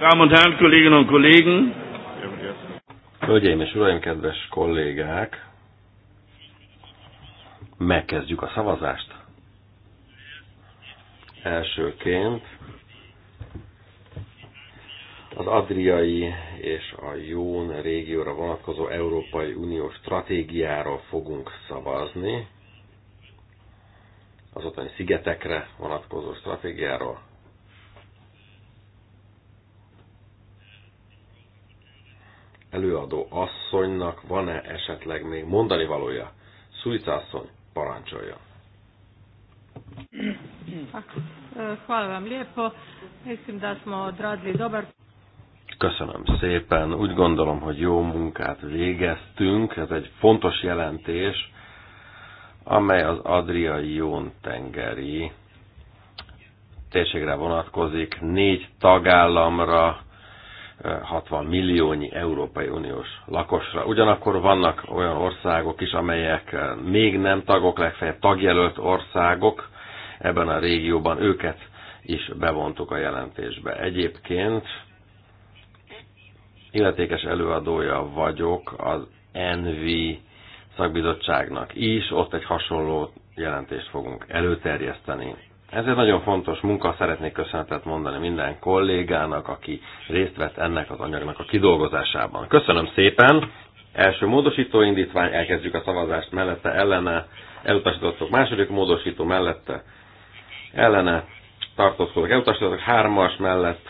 Damen und Herren, Kolleginnen und Kollegen! Hölgyeim és Uraim, kedves kollégák! Megkezdjük a szavazást. Elsőként az Adriai és a Jón régióra vonatkozó Európai Unió stratégiáról fogunk szavazni, az ottani szigetekre vonatkozó stratégiáról. előadó asszonynak van-e esetleg még mondani valója? Szújca asszony, parancsolja. Hvala vam lijepo. Mislim da smo odradili dobar Köszönöm szépen. Úgy gondolom, hogy jó munkát végeztünk. Ez egy fontos jelentés, amely az Adriai Jón tengeri térségre vonatkozik. Négy tagállamra 60 milliónyi Európai Uniós lakosra. Ugyanakkor vannak olyan országok is, amelyek eh, még nem tagok, legfeljebb tagjelölt országok ebben a régióban. Őket is bevontuk a jelentésbe. Egyébként illetékes előadója vagyok az NV szakbizottságnak is, ott egy hasonló jelentést fogunk előterjeszteni. Ez egy nagyon fontos munka, szeretnék köszönetet mondani minden kollégának, aki részt vett ennek az anyagnak a kidolgozásában. Köszönöm szépen! Első módosító indítvány, elkezdjük a szavazást mellette, ellene, elutasítottuk második módosító mellette, ellene, tartózkodók elutasítottok hármas mellett,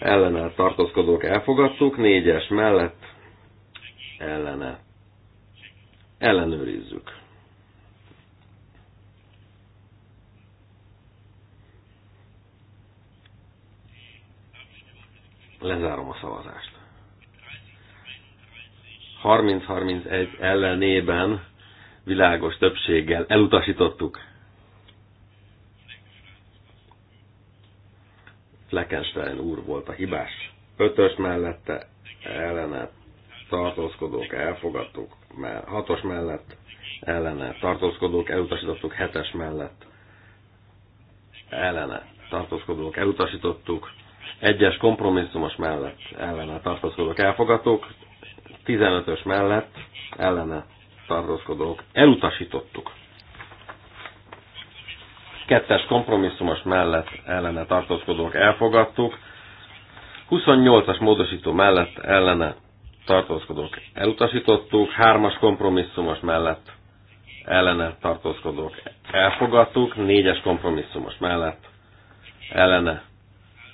ellene tartózkodók elfogadtuk, négyes mellett, ellene, ellenőrizzük. Lezárom a szavazást. 30-31 ellenében világos többséggel elutasítottuk. Fleckenstein úr volt a hibás. Ötös mellette ellene tartózkodók elfogadtuk, hatos mellett ellene tartózkodók elutasítottuk, hetes mellett ellene tartózkodók elutasítottuk, egyes kompromisszumos mellett ellene tartózkodók elfogadók, 15-ös mellett ellene tartózkodók elutasítottuk. Kettes kompromisszumos mellett ellene tartózkodók elfogadtuk, 28-as módosító mellett ellene tartózkodók elutasítottuk, 3-as kompromisszumos mellett ellene tartózkodók elfogadtuk, 4-es kompromisszumos mellett ellene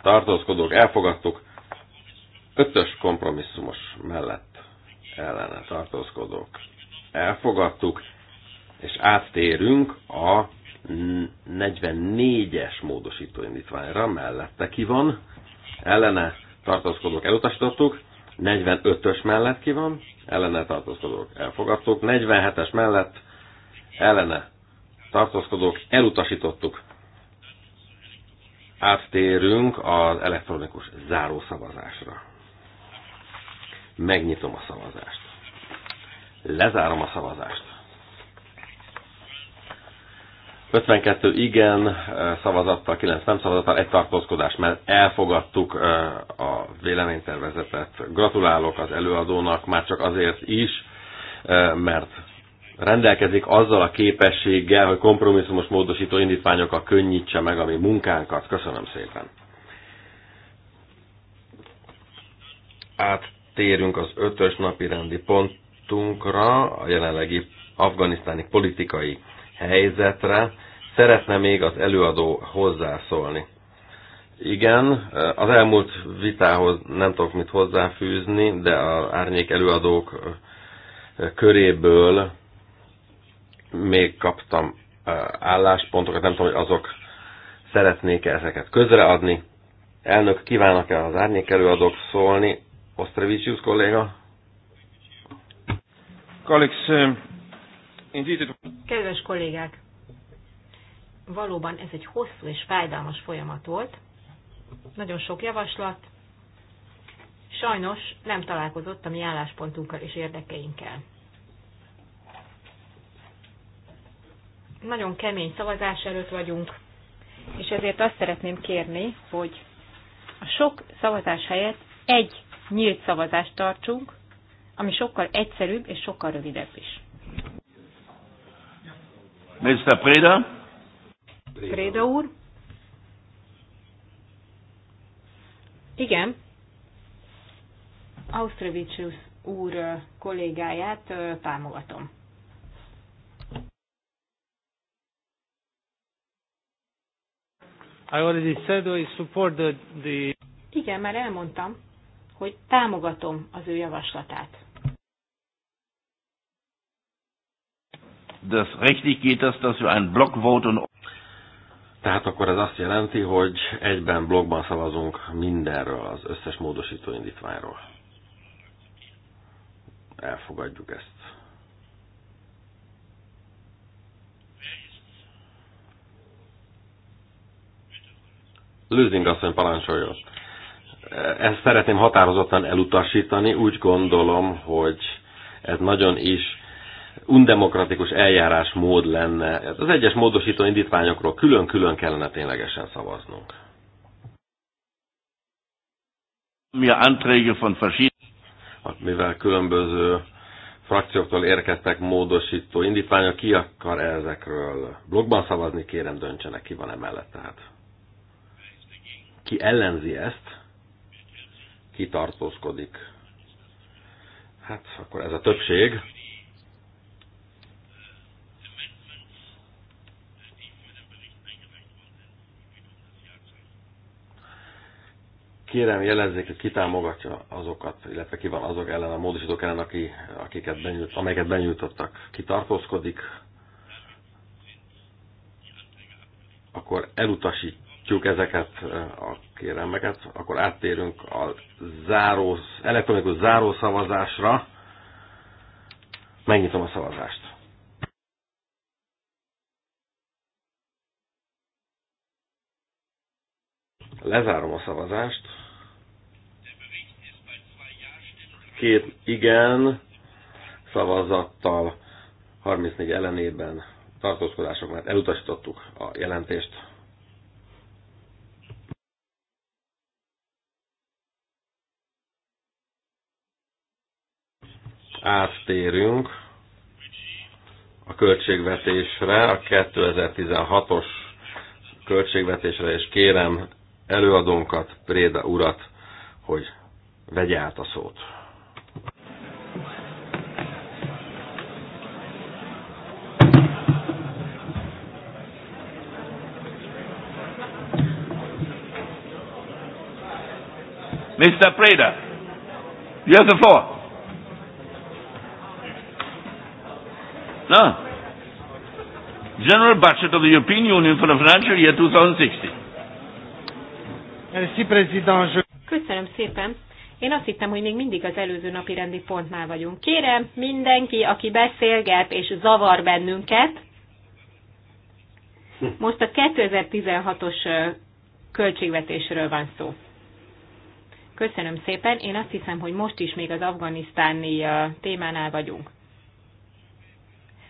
tartózkodók elfogadtuk, ötös kompromisszumos mellett ellene tartózkodók elfogadtuk, és áttérünk a 44-es módosítóindítványra, mellette ki van, ellene tartózkodók elutasítottuk, 45-ös mellett ki van, ellene tartózkodók elfogadtuk, 47-es mellett ellene tartózkodók elutasítottuk, áttérünk az elektronikus zárószavazásra. Megnyitom a szavazást. Lezárom a szavazást. 52 igen szavazattal, 9 nem szavazattal, egy tartózkodás, mert elfogadtuk a véleménytervezetet. Gratulálok az előadónak, már csak azért is, mert rendelkezik azzal a képességgel, hogy kompromisszumos módosító indítványokkal könnyítse meg a mi munkánkat. Köszönöm szépen. Áttérünk az ötös napi rendi pontunkra, a jelenlegi afganisztáni politikai helyzetre. Szeretne még az előadó hozzászólni. Igen, az elmúlt vitához nem tudok mit hozzáfűzni, de az árnyék előadók köréből még kaptam álláspontokat, nem tudom, hogy azok szeretnék-e ezeket közreadni. Elnök, kívánok-e az árnyék előadók szólni? Osztrevicius kolléga? Colleagues, Kedves kollégák! Valóban ez egy hosszú és fájdalmas folyamat volt. Nagyon sok javaslat. Sajnos nem találkozott a mi álláspontunkkal és érdekeinkkel. nagyon kemény szavazás előtt vagyunk, és ezért azt szeretném kérni, hogy a sok szavazás helyett egy nyílt szavazást tartsunk, ami sokkal egyszerűbb és sokkal rövidebb is. Mr. Preda? Preda úr? Igen. Ausztrovicius úr kollégáját támogatom. I already said I support the, the... Igen, már elmondtam, hogy támogatom az ő javaslatát. Das richtig geht das, dass wir ein Block vote Tehát akkor ez azt jelenti, hogy egyben blogban szavazunk mindenről, az összes módosító indítványról. Elfogadjuk ezt. Lőzing asszony parancsoljon. Ezt szeretném határozottan elutasítani. Úgy gondolom, hogy ez nagyon is undemokratikus eljárásmód lenne. Az egyes módosító indítványokról külön-külön kellene ténylegesen szavaznunk. Mivel különböző frakcióktól érkeztek módosító indítványok, ki akar ezekről blogban szavazni, kérem döntsenek ki van emellett tehát. Ki ellenzi ezt, kitartózkodik. Hát akkor ez a többség. Kérem, jelezzék, hogy ki támogatja azokat, illetve ki van azok ellen, a módosítók ellen, aki, akiket benyújt, amelyeket benyújtottak. Ki tartózkodik, akkor elutasít, megvitatjuk ezeket a kérelmeket, akkor áttérünk a záró, elektronikus zárószavazásra. Megnyitom a szavazást. Lezárom a szavazást. Két igen szavazattal, 34 ellenében tartózkodások, mert elutasítottuk a jelentést. áttérünk a költségvetésre, a 2016-os költségvetésre, és kérem előadónkat, Préda urat, hogy vegye át a szót. Mr. Preda, you have the floor. No. General Budget of the European Union for the Financial Year 2016. Köszönöm szépen. Én azt hittem, hogy még mindig az előző napi rendi pontnál vagyunk. Kérem, mindenki, aki beszélget és zavar bennünket, most a 2016-os költségvetésről van szó. Köszönöm szépen. Én azt hiszem, hogy most is még az afganisztáni témánál vagyunk.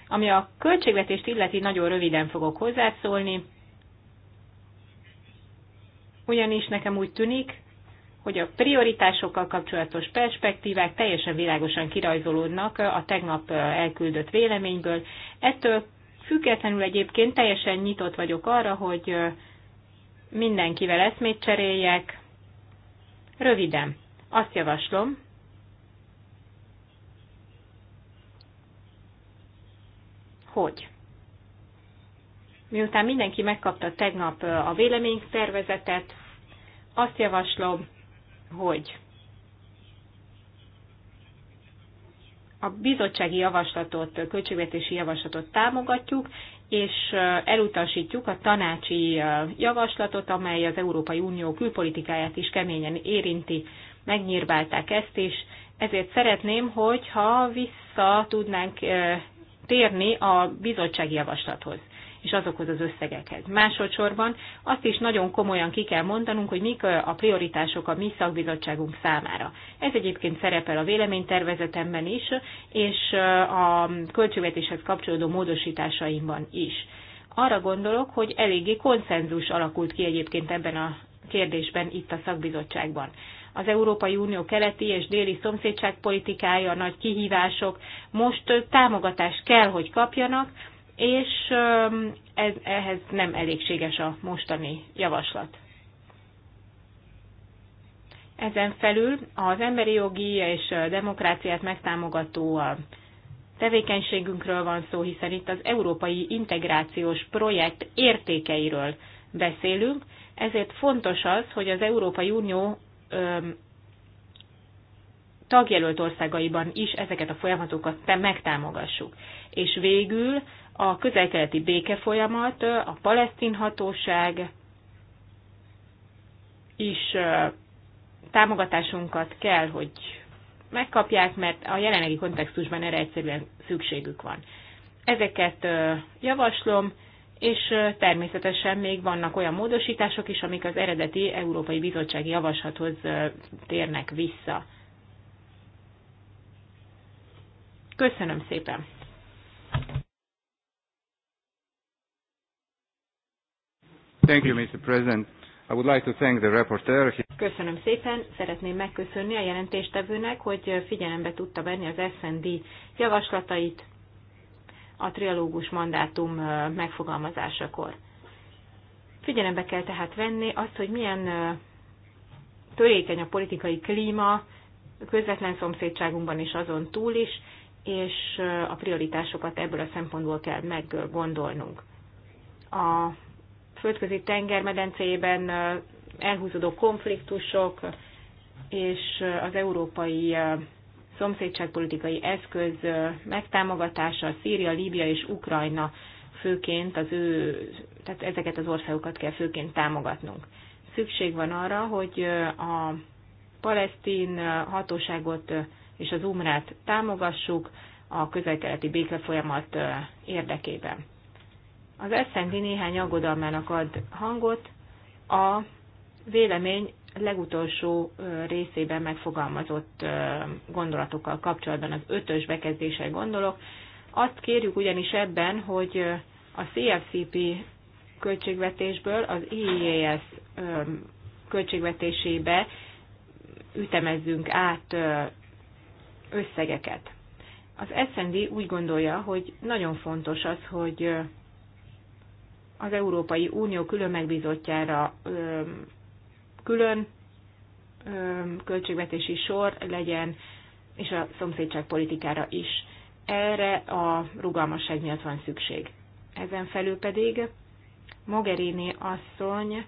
Ami a költségvetést illeti, nagyon röviden fogok hozzászólni, ugyanis nekem úgy tűnik, hogy a prioritásokkal kapcsolatos perspektívák teljesen világosan kirajzolódnak a tegnap elküldött véleményből. Ettől függetlenül egyébként teljesen nyitott vagyok arra, hogy mindenkivel eszmét cseréljek. Röviden, azt javaslom, hogy miután mindenki megkapta tegnap a véleménytervezetet, azt javaslom, hogy a bizottsági javaslatot, költségvetési javaslatot támogatjuk, és elutasítjuk a tanácsi javaslatot, amely az Európai Unió külpolitikáját is keményen érinti. Megnyírválták ezt is, ezért szeretném, hogyha vissza tudnánk térni a bizottsági javaslathoz és azokhoz az összegekhez. Másodszorban azt is nagyon komolyan ki kell mondanunk, hogy mik a prioritások a mi szakbizottságunk számára. Ez egyébként szerepel a véleménytervezetemben is, és a költségvetéshez kapcsolódó módosításaimban is. Arra gondolok, hogy eléggé konszenzus alakult ki egyébként ebben a kérdésben itt a szakbizottságban az Európai Unió keleti és déli szomszédságpolitikája, a nagy kihívások most támogatást kell, hogy kapjanak, és ez, ehhez nem elégséges a mostani javaslat. Ezen felül az emberi jogi és demokráciát megtámogató tevékenységünkről van szó, hiszen itt az európai integrációs projekt értékeiről beszélünk, ezért fontos az, hogy az Európai Unió tagjelölt országaiban is ezeket a folyamatokat megtámogassuk. És végül a közelkeleti békefolyamat, a palesztin hatóság is támogatásunkat kell, hogy megkapják, mert a jelenlegi kontextusban erre egyszerűen szükségük van. Ezeket javaslom, és természetesen még vannak olyan módosítások is, amik az eredeti Európai Bizottsági Javaslathoz térnek vissza. Köszönöm szépen! Thank you, Mr. President. I would like to thank the reporter. Köszönöm szépen, szeretném megköszönni a jelentéstevőnek, hogy figyelembe tudta venni az SND javaslatait, a trialógus mandátum megfogalmazásakor. Figyelembe kell tehát venni azt, hogy milyen törékeny a politikai klíma közvetlen szomszédságunkban is azon túl is, és a prioritásokat ebből a szempontból kell meggondolnunk. A földközi tengermedencében elhúzódó konfliktusok és az európai szomszédságpolitikai eszköz megtámogatása, Szíria, Líbia és Ukrajna főként az ő, tehát ezeket az országokat kell főként támogatnunk. Szükség van arra, hogy a palesztin hatóságot és az umrát támogassuk a közelkeleti keleti békefolyamat érdekében. Az eszendi néhány aggodalmának ad hangot, a vélemény legutolsó részében megfogalmazott gondolatokkal kapcsolatban, az ötös bekezdése gondolok. Azt kérjük ugyanis ebben, hogy a CFCP költségvetésből az IES költségvetésébe ütemezzünk át összegeket. Az SND úgy gondolja, hogy nagyon fontos az, hogy az Európai Unió külön megbízottjára külön költségvetési sor legyen, és a szomszédság politikára is. Erre a rugalmasság miatt van szükség. Ezen felül pedig Mogherini asszony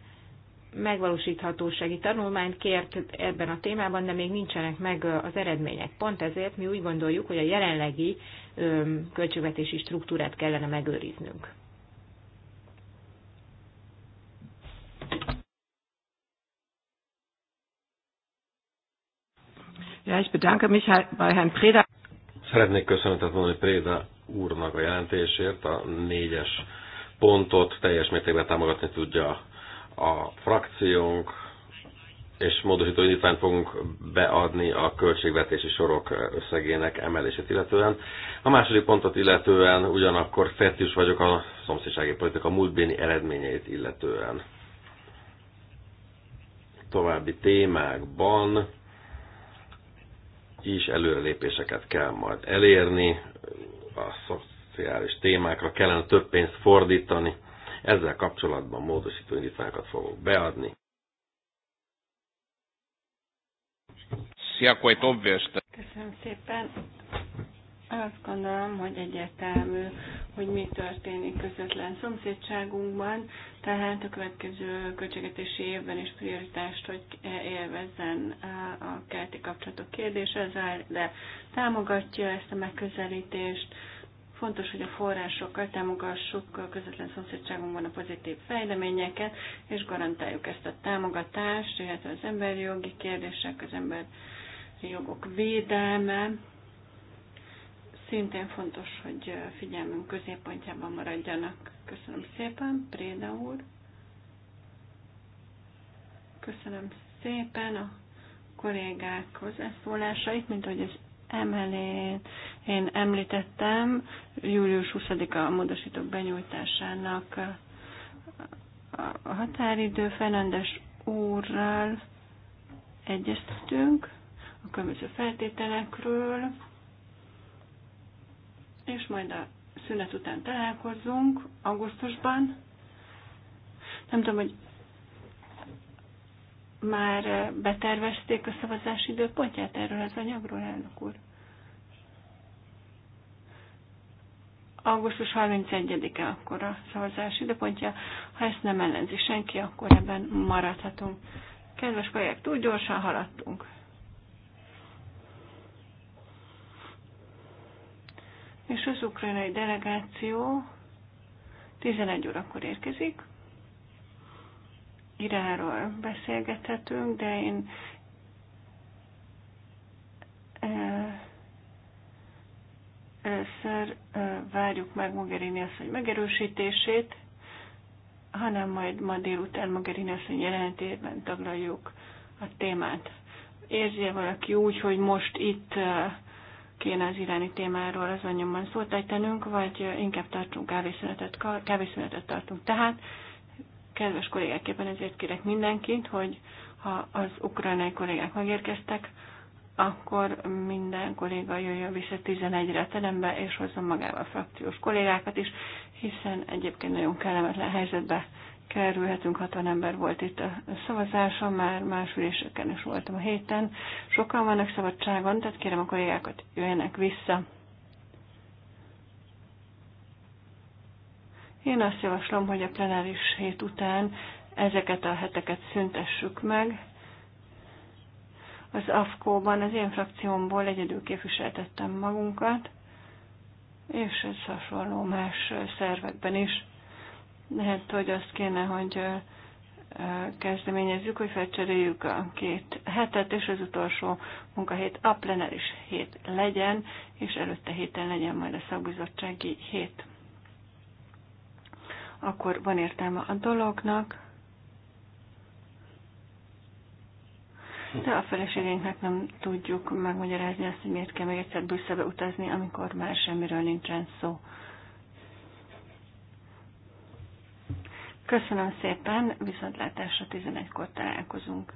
megvalósíthatósági tanulmányt kért ebben a témában, de még nincsenek meg az eredmények. Pont ezért mi úgy gondoljuk, hogy a jelenlegi költségvetési struktúrát kellene megőriznünk. Ja, ich bedanke mich bei Herrn Preda. Szeretnék köszönetet mondani Préda úrnak a jelentésért, a négyes pontot teljes mértékben támogatni tudja a frakciónk, és módosító indítványt fogunk beadni a költségvetési sorok összegének emelését illetően. A második pontot illetően ugyanakkor fetűs vagyok a szomszédsági politika múltbéni eredményeit illetően. További témákban is előrelépéseket kell majd elérni, a szociális témákra kellene több pénzt fordítani, ezzel kapcsolatban módosító indítványokat fogok beadni. Köszönöm szépen. Azt gondolom, hogy egyértelmű, hogy mi történik közvetlen szomszédságunkban, tehát a következő költségetési évben is prioritást, hogy élvezzen eh, a keleti kapcsolatok kérdése, de támogatja ezt a megközelítést. Fontos, hogy a forrásokkal támogassuk a közvetlen szomszédságunkban a pozitív fejleményeket, és garantáljuk ezt a támogatást, illetve az emberi jogi kérdések, az emberi jogok védelme, szintén fontos, hogy figyelmünk középpontjában maradjanak. Köszönöm szépen, Préda úr. Köszönöm szépen a kollégák hozzászólásait, mint ahogy az emelén én említettem, július 20-a a módosítók benyújtásának a határidő Fernandes úrral egyeztetünk a különböző feltételekről és majd a szünet után találkozunk augusztusban. Nem tudom, hogy már betervezték a szavazás időpontját erről az anyagról, elnök úr? Augusztus 31-e akkor a szavazás időpontja. Ha ezt nem ellenzi senki, akkor ebben maradhatunk. Kedves kollégák, túl gyorsan haladtunk. és az ukrajnai delegáció 11 órakor érkezik. Iráról beszélgethetünk, de én először várjuk meg Mogherini asszony megerősítését, hanem majd ma délután Mogherini asszony jelentében taglaljuk a témát. Érzi -e valaki úgy, hogy most itt kéne az iráni témáról azon anyomban szót ejtenünk, vagy inkább tartunk kávészünetet, kávészünetet tartunk. Tehát, kedves kollégák, éppen ezért kérek mindenkit, hogy ha az ukrajnai kollégák megérkeztek, akkor minden kolléga jöjjön vissza 11-re a terembe, és hozzon magával frakciós kollégákat is, hiszen egyébként nagyon kellemetlen helyzetbe kerülhetünk, 60 ember volt itt a szavazáson, már más üléseken is voltam a héten. Sokan vannak szabadságon, tehát kérem a kollégákat, jöjjenek vissza. Én azt javaslom, hogy a plenáris hét után ezeket a heteket szüntessük meg. Az AFKO-ban az én frakciómból egyedül képviseltettem magunkat, és ez hasonló más szervekben is. Lehet, hogy azt kéne, hogy kezdeményezzük, hogy felcseréljük a két hetet, és az utolsó munkahét a plenáris hét legyen, és előtte héten legyen majd a szakbizottsági hét. Akkor van értelme a dolognak, de a feleségeinknek nem tudjuk megmagyarázni azt, hogy miért kell még egyszer Brüsszelbe utazni, amikor már semmiről nincsen szó. Köszönöm szépen, viszontlátásra 11-kor találkozunk.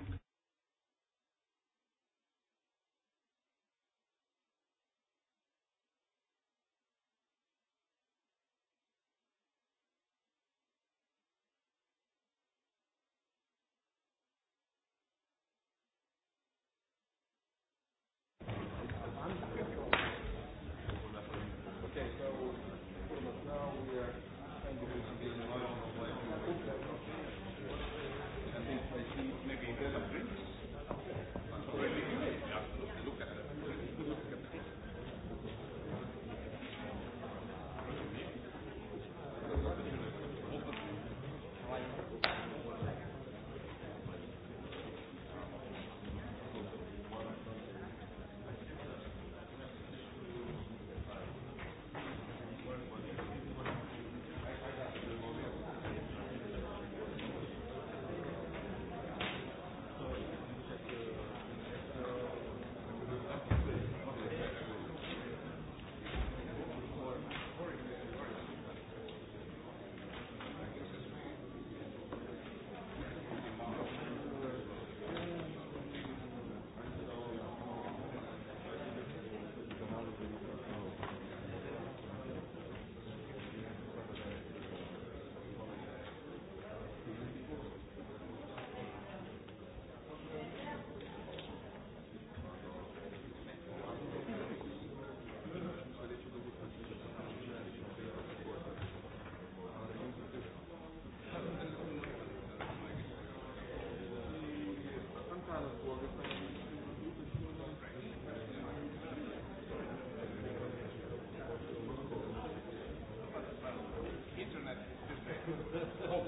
Oh.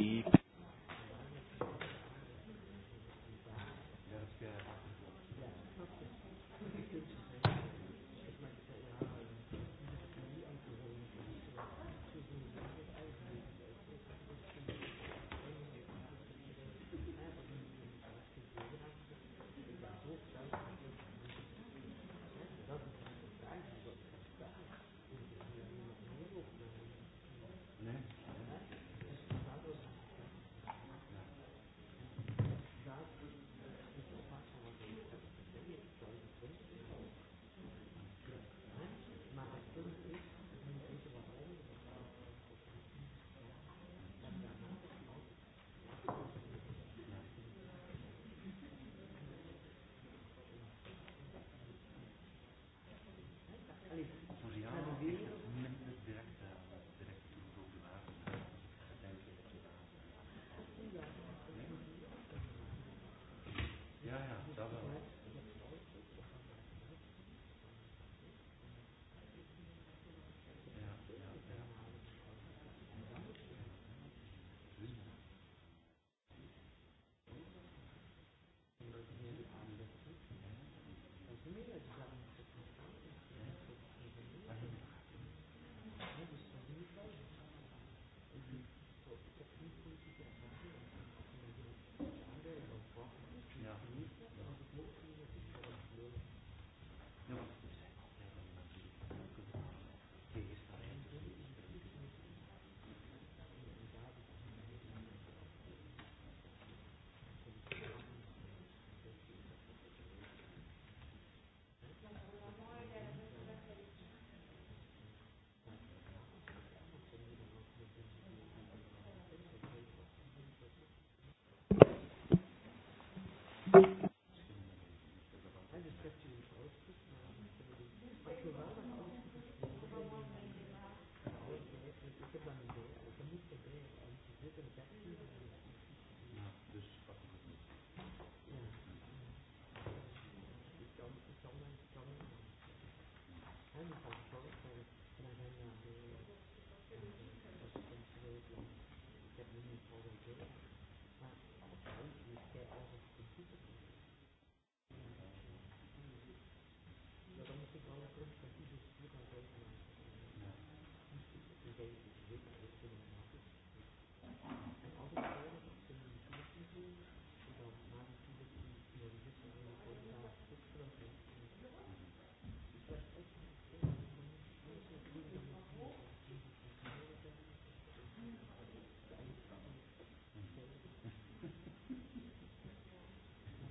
die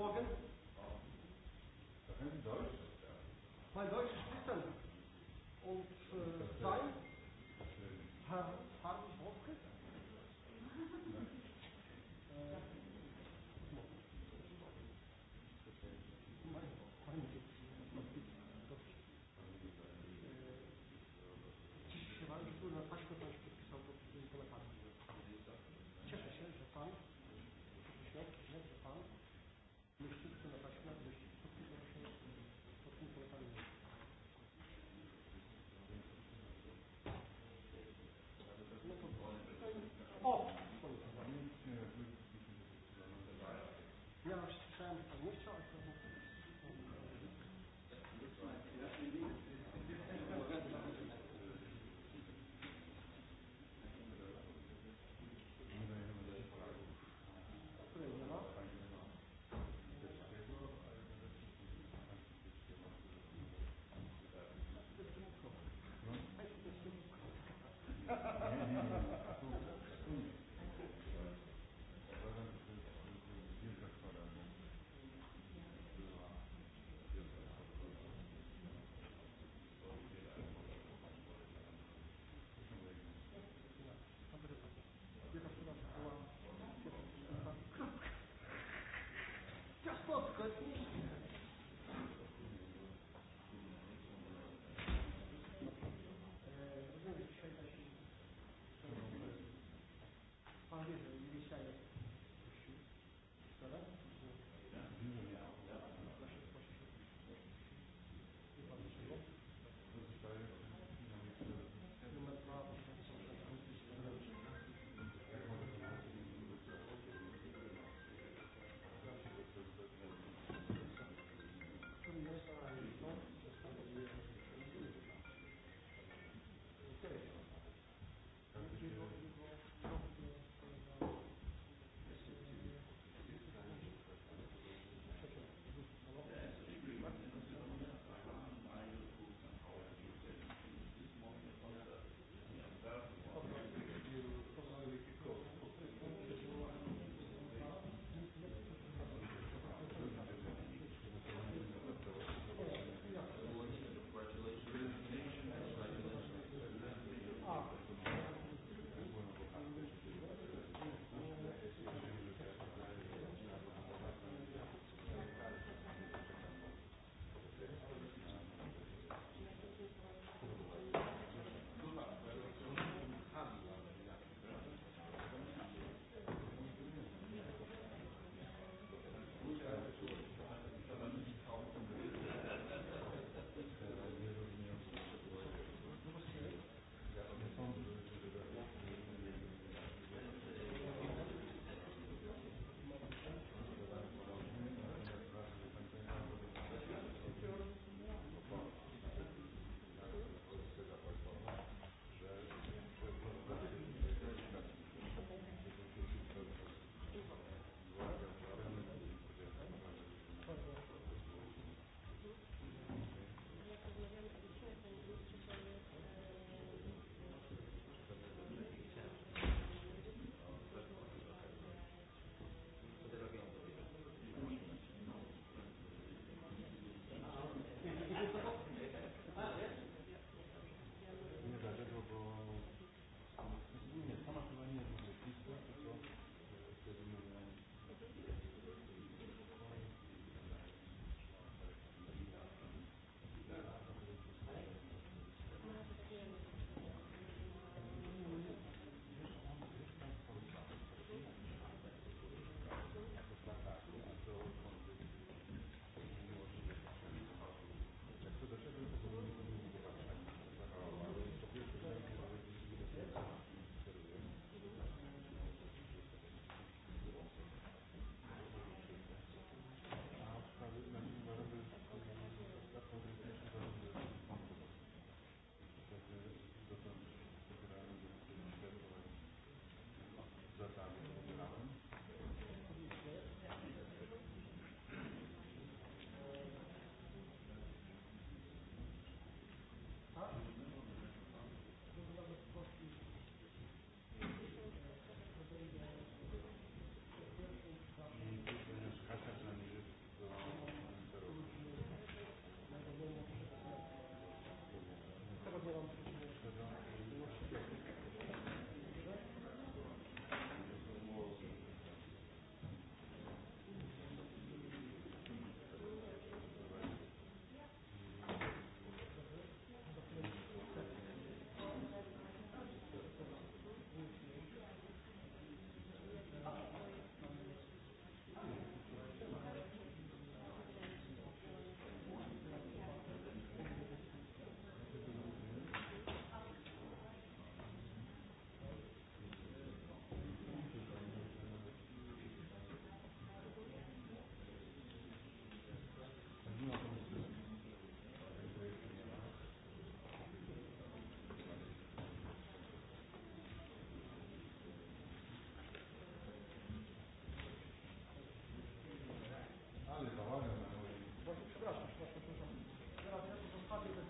Morgen? Warum Deutsch? Mein Deutsch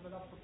Gracias.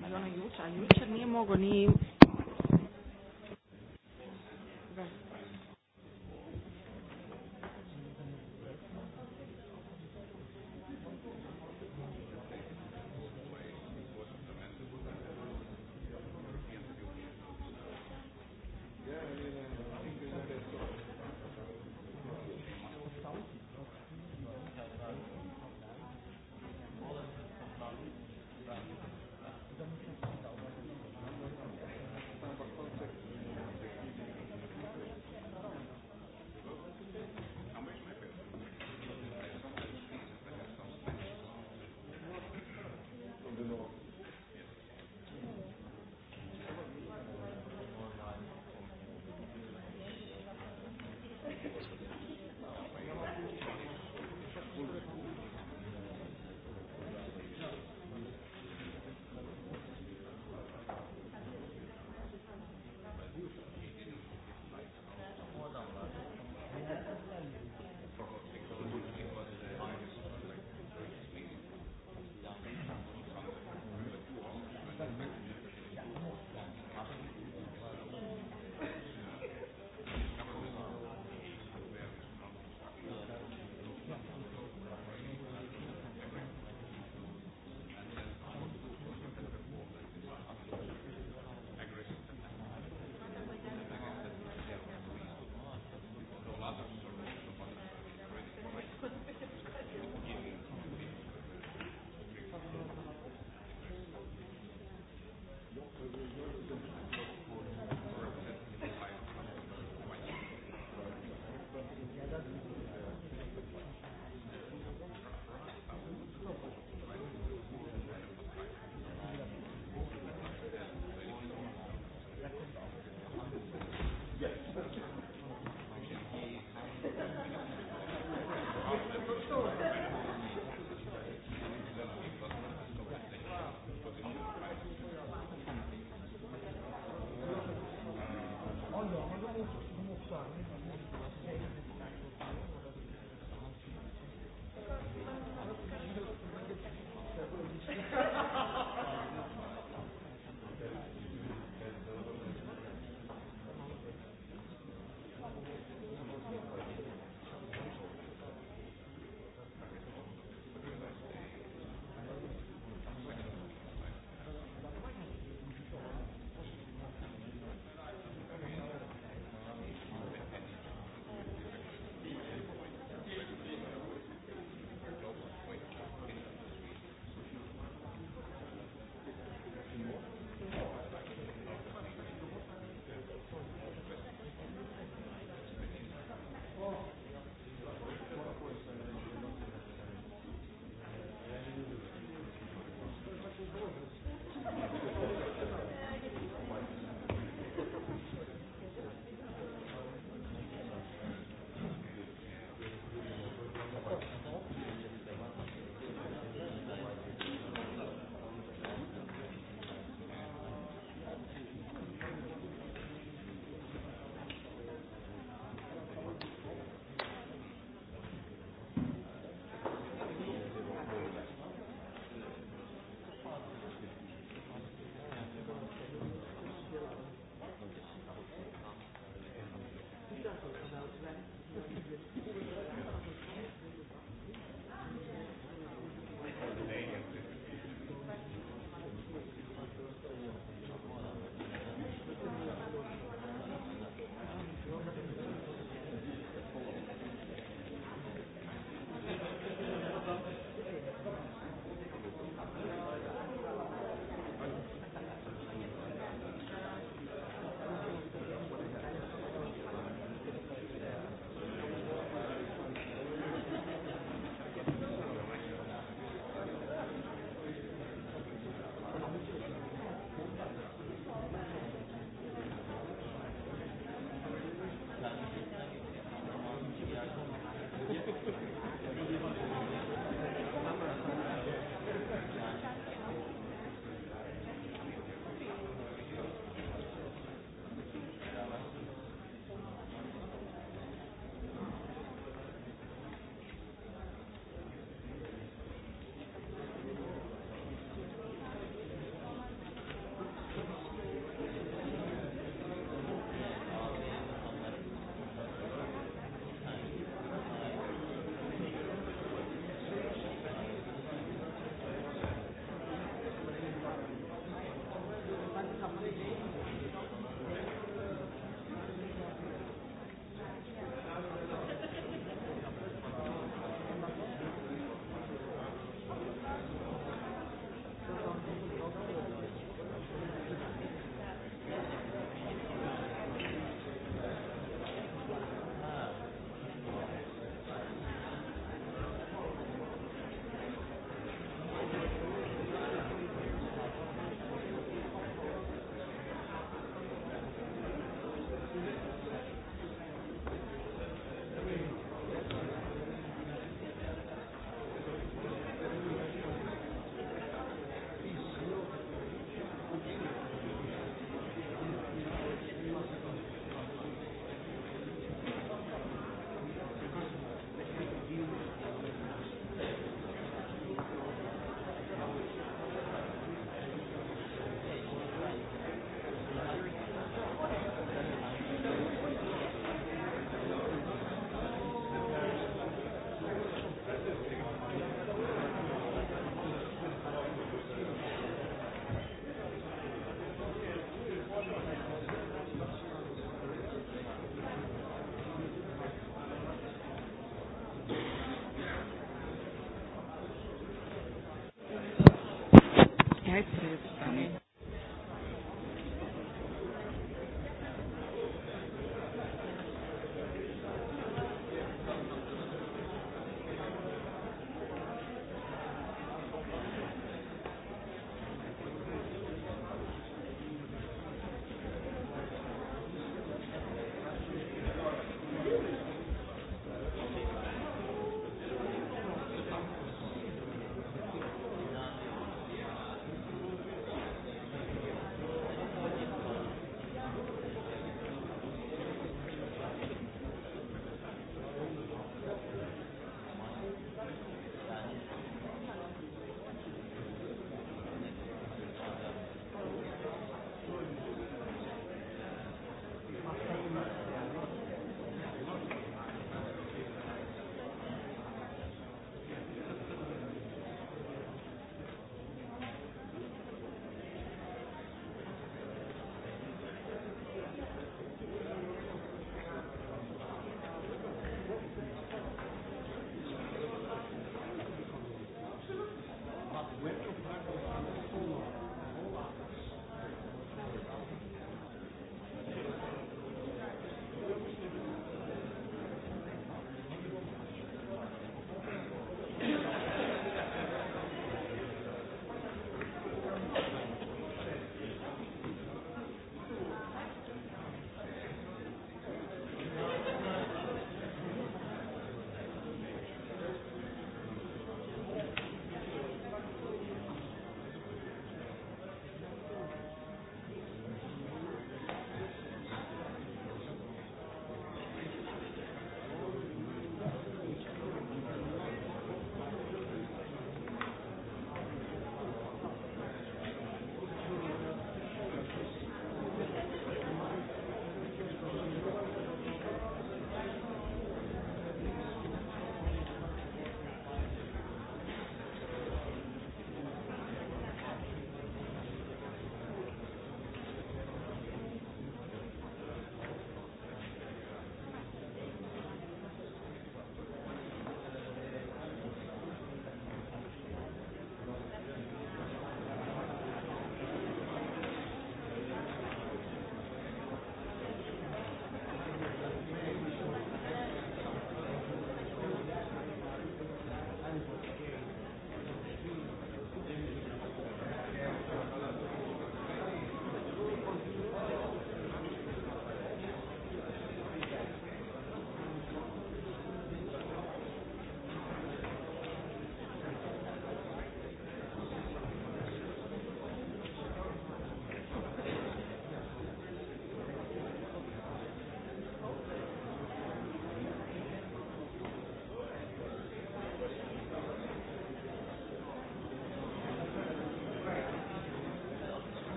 Madonna Jucsa, Jucsa nije mogo, ni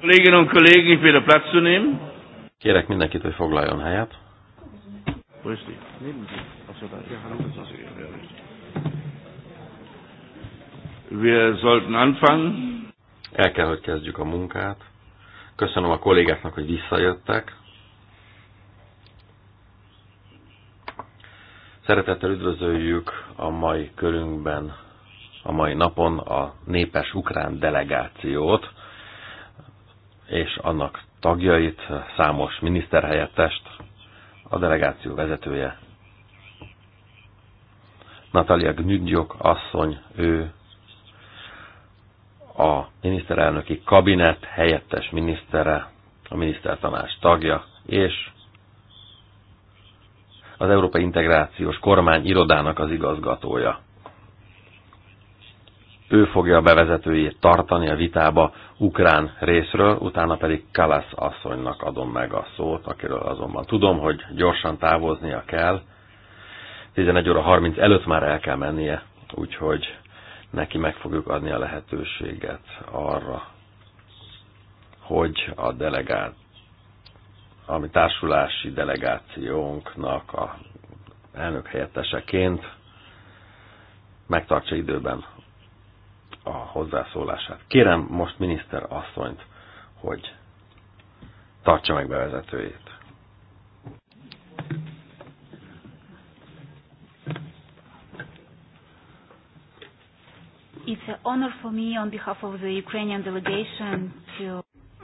Kolleginnen und Kollegen, ich bitte Platz zu nehmen. Kérek mindenkit, hogy foglaljon helyet. Wir sollten anfangen. El kell, hogy kezdjük a munkát. Köszönöm a kollégáknak, hogy visszajöttek. Szeretettel üdvözöljük a mai körünkben, a mai napon a népes ukrán delegációt annak tagjait, számos miniszterhelyettest, a delegáció vezetője. Natalia Gnügyok asszony, ő a miniszterelnöki kabinet helyettes minisztere, a minisztertanács tagja, és az Európai Integrációs Kormány irodának az igazgatója ő fogja a bevezetőjét tartani a vitába ukrán részről, utána pedig Kalasz asszonynak adom meg a szót, akiről azonban tudom, hogy gyorsan távoznia kell. 11 óra 30 előtt már el kell mennie, úgyhogy neki meg fogjuk adni a lehetőséget arra, hogy a delegált, ami társulási delegációnknak a elnök helyetteseként megtartsa időben a hozzászólását. Kérem most miniszter asszonyt, hogy tartsa meg bevezetőjét. It's an honor for me on behalf of the Ukrainian delegation to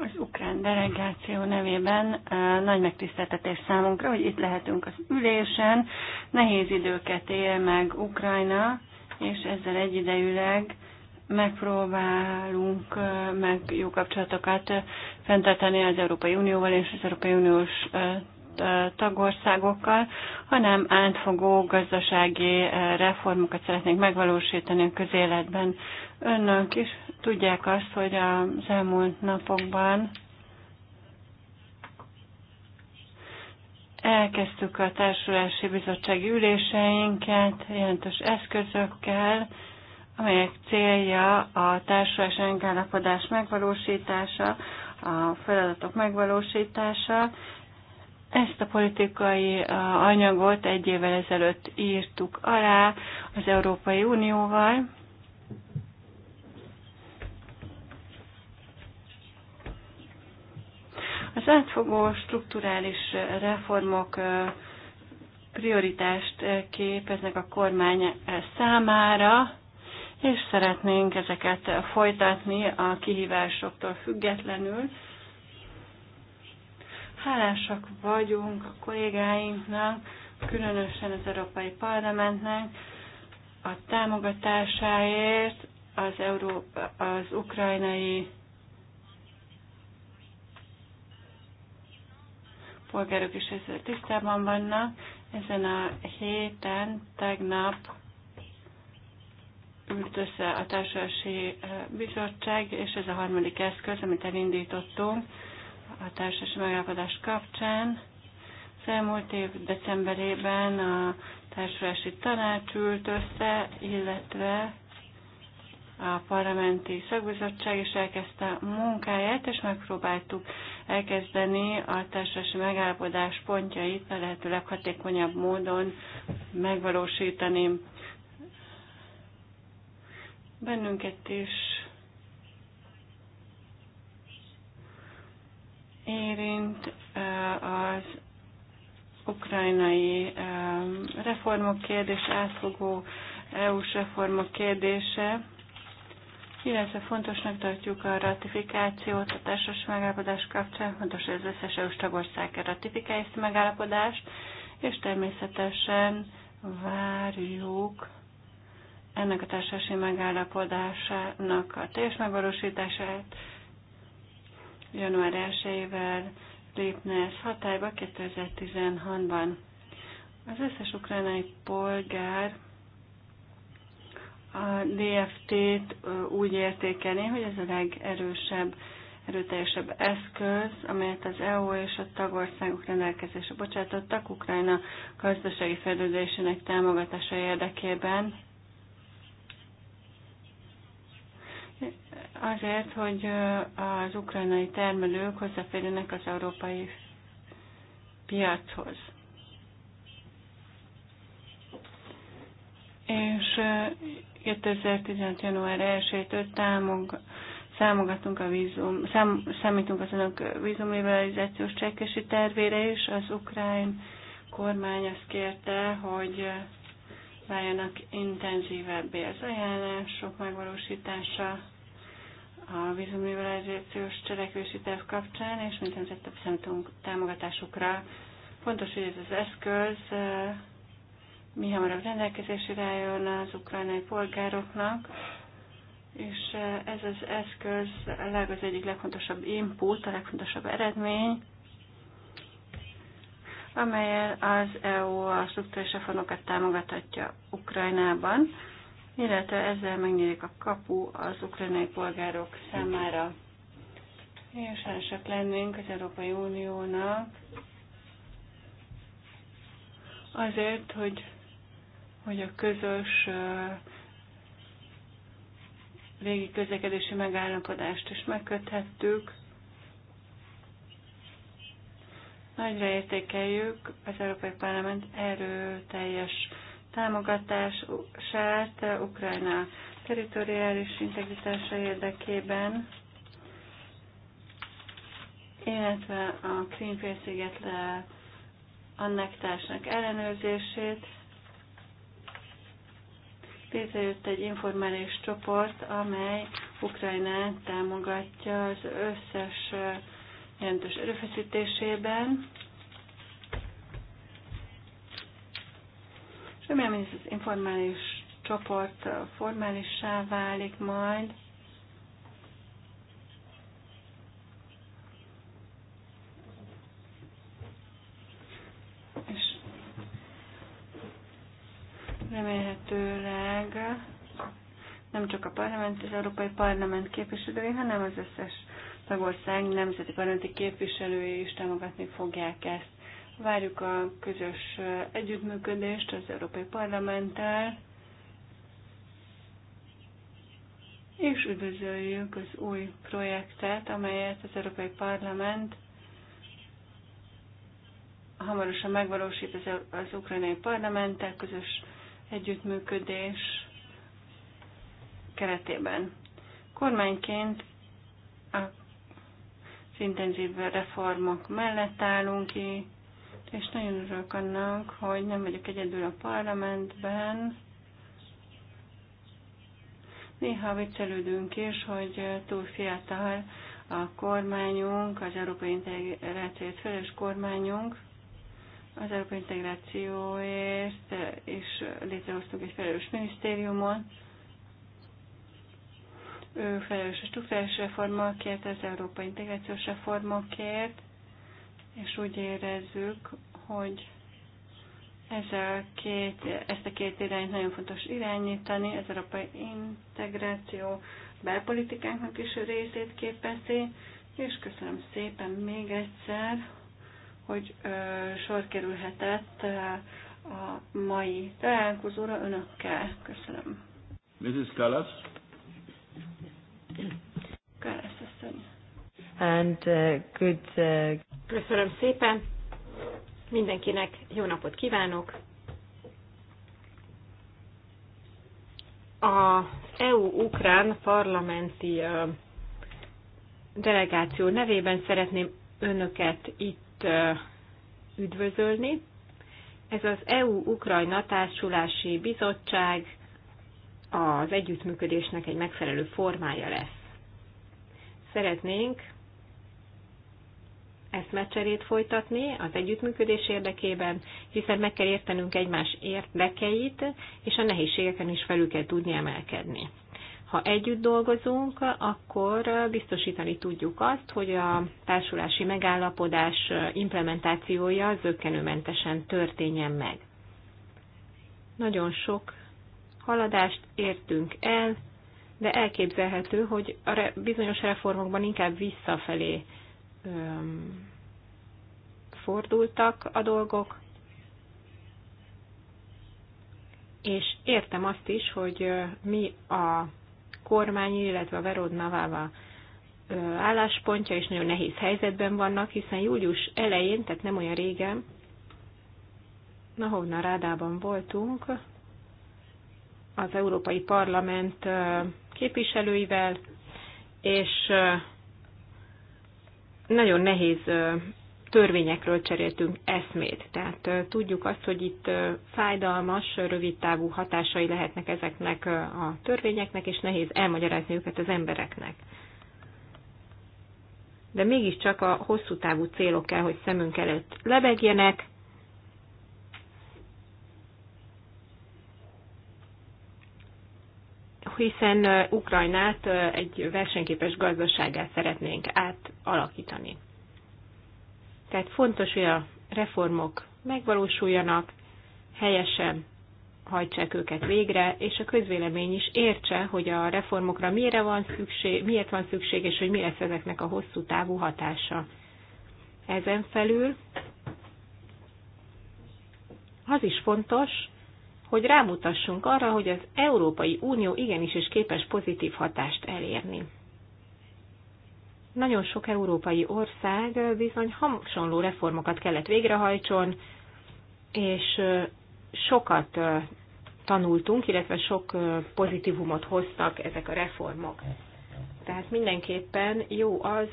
az ukrán delegáció nevében nagy megtiszteltetés számunkra, hogy itt lehetünk az ülésen. Nehéz időket él meg Ukrajna, és ezzel egyidejűleg megpróbálunk meg jó kapcsolatokat fenntartani az Európai Unióval és az Európai Uniós tagországokkal, hanem átfogó gazdasági reformokat szeretnénk megvalósítani a közéletben. Önök is tudják azt, hogy az elmúlt napokban elkezdtük a társulási bizottsági üléseinket jelentős eszközökkel, amelyek célja a társulás megállapodás megvalósítása, a feladatok megvalósítása. Ezt a politikai anyagot egy évvel ezelőtt írtuk alá az Európai Unióval, Az átfogó strukturális reformok prioritást képeznek a kormány számára és szeretnénk ezeket folytatni a kihívásoktól függetlenül. Hálásak vagyunk a kollégáinknak, különösen az Európai Parlamentnek a támogatásáért az, Európa, az ukrajnai polgárok is ezzel tisztában vannak. Ezen a héten, tegnap ült össze a Társadalmi Bizottság, és ez a harmadik eszköz, amit elindítottunk a társadalmi megállapodás kapcsán. Az elmúlt év decemberében a társulási tanács ült össze, illetve a parlamenti szakbizottság is elkezdte a munkáját, és megpróbáltuk elkezdeni a társadalmi megállapodás pontjait a lehető leghatékonyabb módon megvalósítani bennünket is érint az ukrajnai reformok kérdés, átfogó EU-s reformok kérdése, illetve fontosnak tartjuk a ratifikációt a társas megállapodás kapcsán, fontos, hogy az összes EU-s tagország ratifikálja ezt a megállapodást, és természetesen várjuk ennek a társasi megállapodásának a teljes megvalósítását január 1-ével lépne ez hatályba 2016-ban. Az összes ukránai polgár a DFT-t úgy értékelné, hogy ez a legerősebb, erőteljesebb eszköz, amelyet az EU és a tagországok rendelkezésre bocsátottak Ukrajna gazdasági fejlődésének támogatása érdekében, Azért, hogy az ukrajnai termelők hozzáférjenek az európai piachoz. És 2015. január 1-től számogatunk a vízum, szám, számítunk az önök vízumliberalizációs csekkesi tervére is. Az ukrán kormány azt kérte, hogy váljanak intenzívebbé az ajánlások megvalósítása a vízumliberalizációs cselekvési terv kapcsán, és mint említettem, számítunk támogatásukra. Fontos, hogy ez az eszköz eh, mi hamarabb rendelkezésére álljon az ukrajnai polgároknak, és eh, ez az eszköz leg az egyik legfontosabb input, a legfontosabb eredmény, amelyel az EU a struktúrás reformokat Ukrajnában illetve ezzel megnyílik a kapu az ukrajnai polgárok számára. És hálásak lennénk az Európai Uniónak azért, hogy, hogy a közös régi közlekedési megállapodást is megköthettük. Nagyra értékeljük az Európai Parlament erőteljes támogatását Ukrajna teritoriális integritása érdekében, illetve a Krímfélsziget annektásnak ellenőrzését. Létrejött egy informális csoport, amely Ukrajnát támogatja az összes eh, jelentős erőfeszítésében. Remélem, hogy ez az informális csoport formálissá válik majd. És remélhetőleg nem csak a parlament, az Európai Parlament képviselői, hanem az összes tagország nemzeti parlamenti képviselői is támogatni fogják ezt. Várjuk a közös együttműködést az Európai Parlamenttel, és üdvözöljük az új projektet, amelyet az Európai Parlament hamarosan megvalósít az, az ukrajnai parlamenttel közös együttműködés keretében. Kormányként az intenzív reformok mellett állunk ki, és nagyon örülök annak, hogy nem vagyok egyedül a parlamentben. Néha viccelődünk is, hogy túl fiatal a kormányunk, az Európai Integrációért felelős kormányunk, az Európai Integrációért és létrehoztunk egy felelős minisztériumot. Ő felelős a struktúrás reformokért, az Európai Integrációs reformokért, és úgy érezzük, hogy ez a két, ezt a két irányt nagyon fontos irányítani, ez európai integráció belpolitikánknak is részét képezi, és köszönöm szépen még egyszer, hogy ö, sor kerülhetett a mai találkozóra önökkel. Köszönöm. Mrs. Kallas. Kalas, asszony. And uh, good uh... Köszönöm szépen. Mindenkinek jó napot kívánok. Az EU-Ukrán parlamenti delegáció nevében szeretném önöket itt üdvözölni. Ez az EU-Ukrajna Társulási Bizottság az együttműködésnek egy megfelelő formája lesz. Szeretnénk eszmecserét folytatni az együttműködés érdekében, hiszen meg kell értenünk egymás érdekeit, és a nehézségeken is felül kell tudni emelkedni. Ha együtt dolgozunk, akkor biztosítani tudjuk azt, hogy a társulási megállapodás implementációja zöggenőmentesen történjen meg. Nagyon sok haladást értünk el, de elképzelhető, hogy a bizonyos reformokban inkább visszafelé fordultak a dolgok, és értem azt is, hogy mi a kormány, illetve a Verod Naváva álláspontja, és nagyon nehéz helyzetben vannak, hiszen július elején, tehát nem olyan régen, Nahovna Rádában voltunk, az Európai Parlament képviselőivel, és nagyon nehéz törvényekről cseréltünk eszmét. Tehát tudjuk azt, hogy itt fájdalmas, rövidtávú hatásai lehetnek ezeknek a törvényeknek, és nehéz elmagyarázni őket az embereknek. De mégiscsak a hosszú távú célok kell, hogy szemünk előtt lebegjenek, hiszen Ukrajnát egy versenyképes gazdasággal szeretnénk átalakítani. Tehát fontos, hogy a reformok megvalósuljanak, helyesen hajtsák őket végre, és a közvélemény is értse, hogy a reformokra mire van szükség, miért van szükség, és hogy mi lesz ezeknek a hosszú távú hatása. Ezen felül az is fontos, hogy rámutassunk arra, hogy az Európai Unió igenis is képes pozitív hatást elérni. Nagyon sok európai ország bizony hasonló reformokat kellett végrehajtson, és sokat tanultunk, illetve sok pozitívumot hoztak ezek a reformok. Tehát mindenképpen jó az,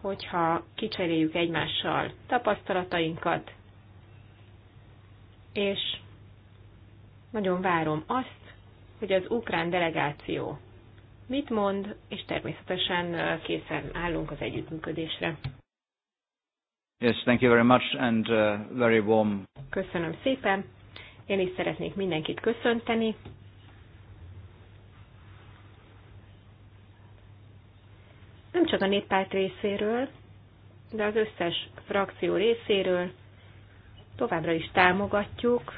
hogyha kicseréljük egymással tapasztalatainkat, és nagyon várom azt, hogy az ukrán delegáció mit mond, és természetesen készen állunk az együttműködésre. Yes, thank you very much and uh, very warm. Köszönöm szépen. Én is szeretnék mindenkit köszönteni. Nem csak a néppárt részéről, de az összes frakció részéről továbbra is támogatjuk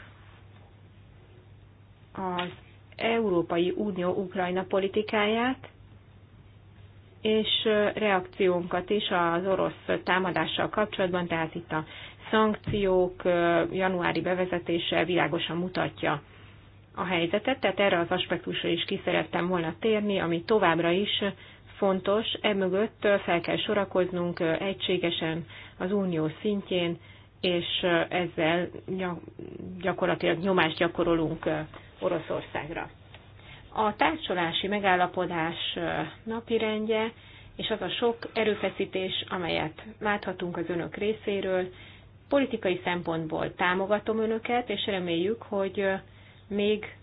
az Európai Unió Ukrajna politikáját, és reakciónkat is az orosz támadással kapcsolatban, tehát itt a szankciók januári bevezetése világosan mutatja a helyzetet, tehát erre az aspektusra is kiszerettem volna térni, ami továbbra is fontos, emögött fel kell sorakoznunk egységesen az unió szintjén, és ezzel gyakorlatilag nyomást gyakorolunk Oroszországra. A társulási megállapodás napirendje és az a sok erőfeszítés, amelyet láthatunk az önök részéről, politikai szempontból támogatom önöket, és reméljük, hogy még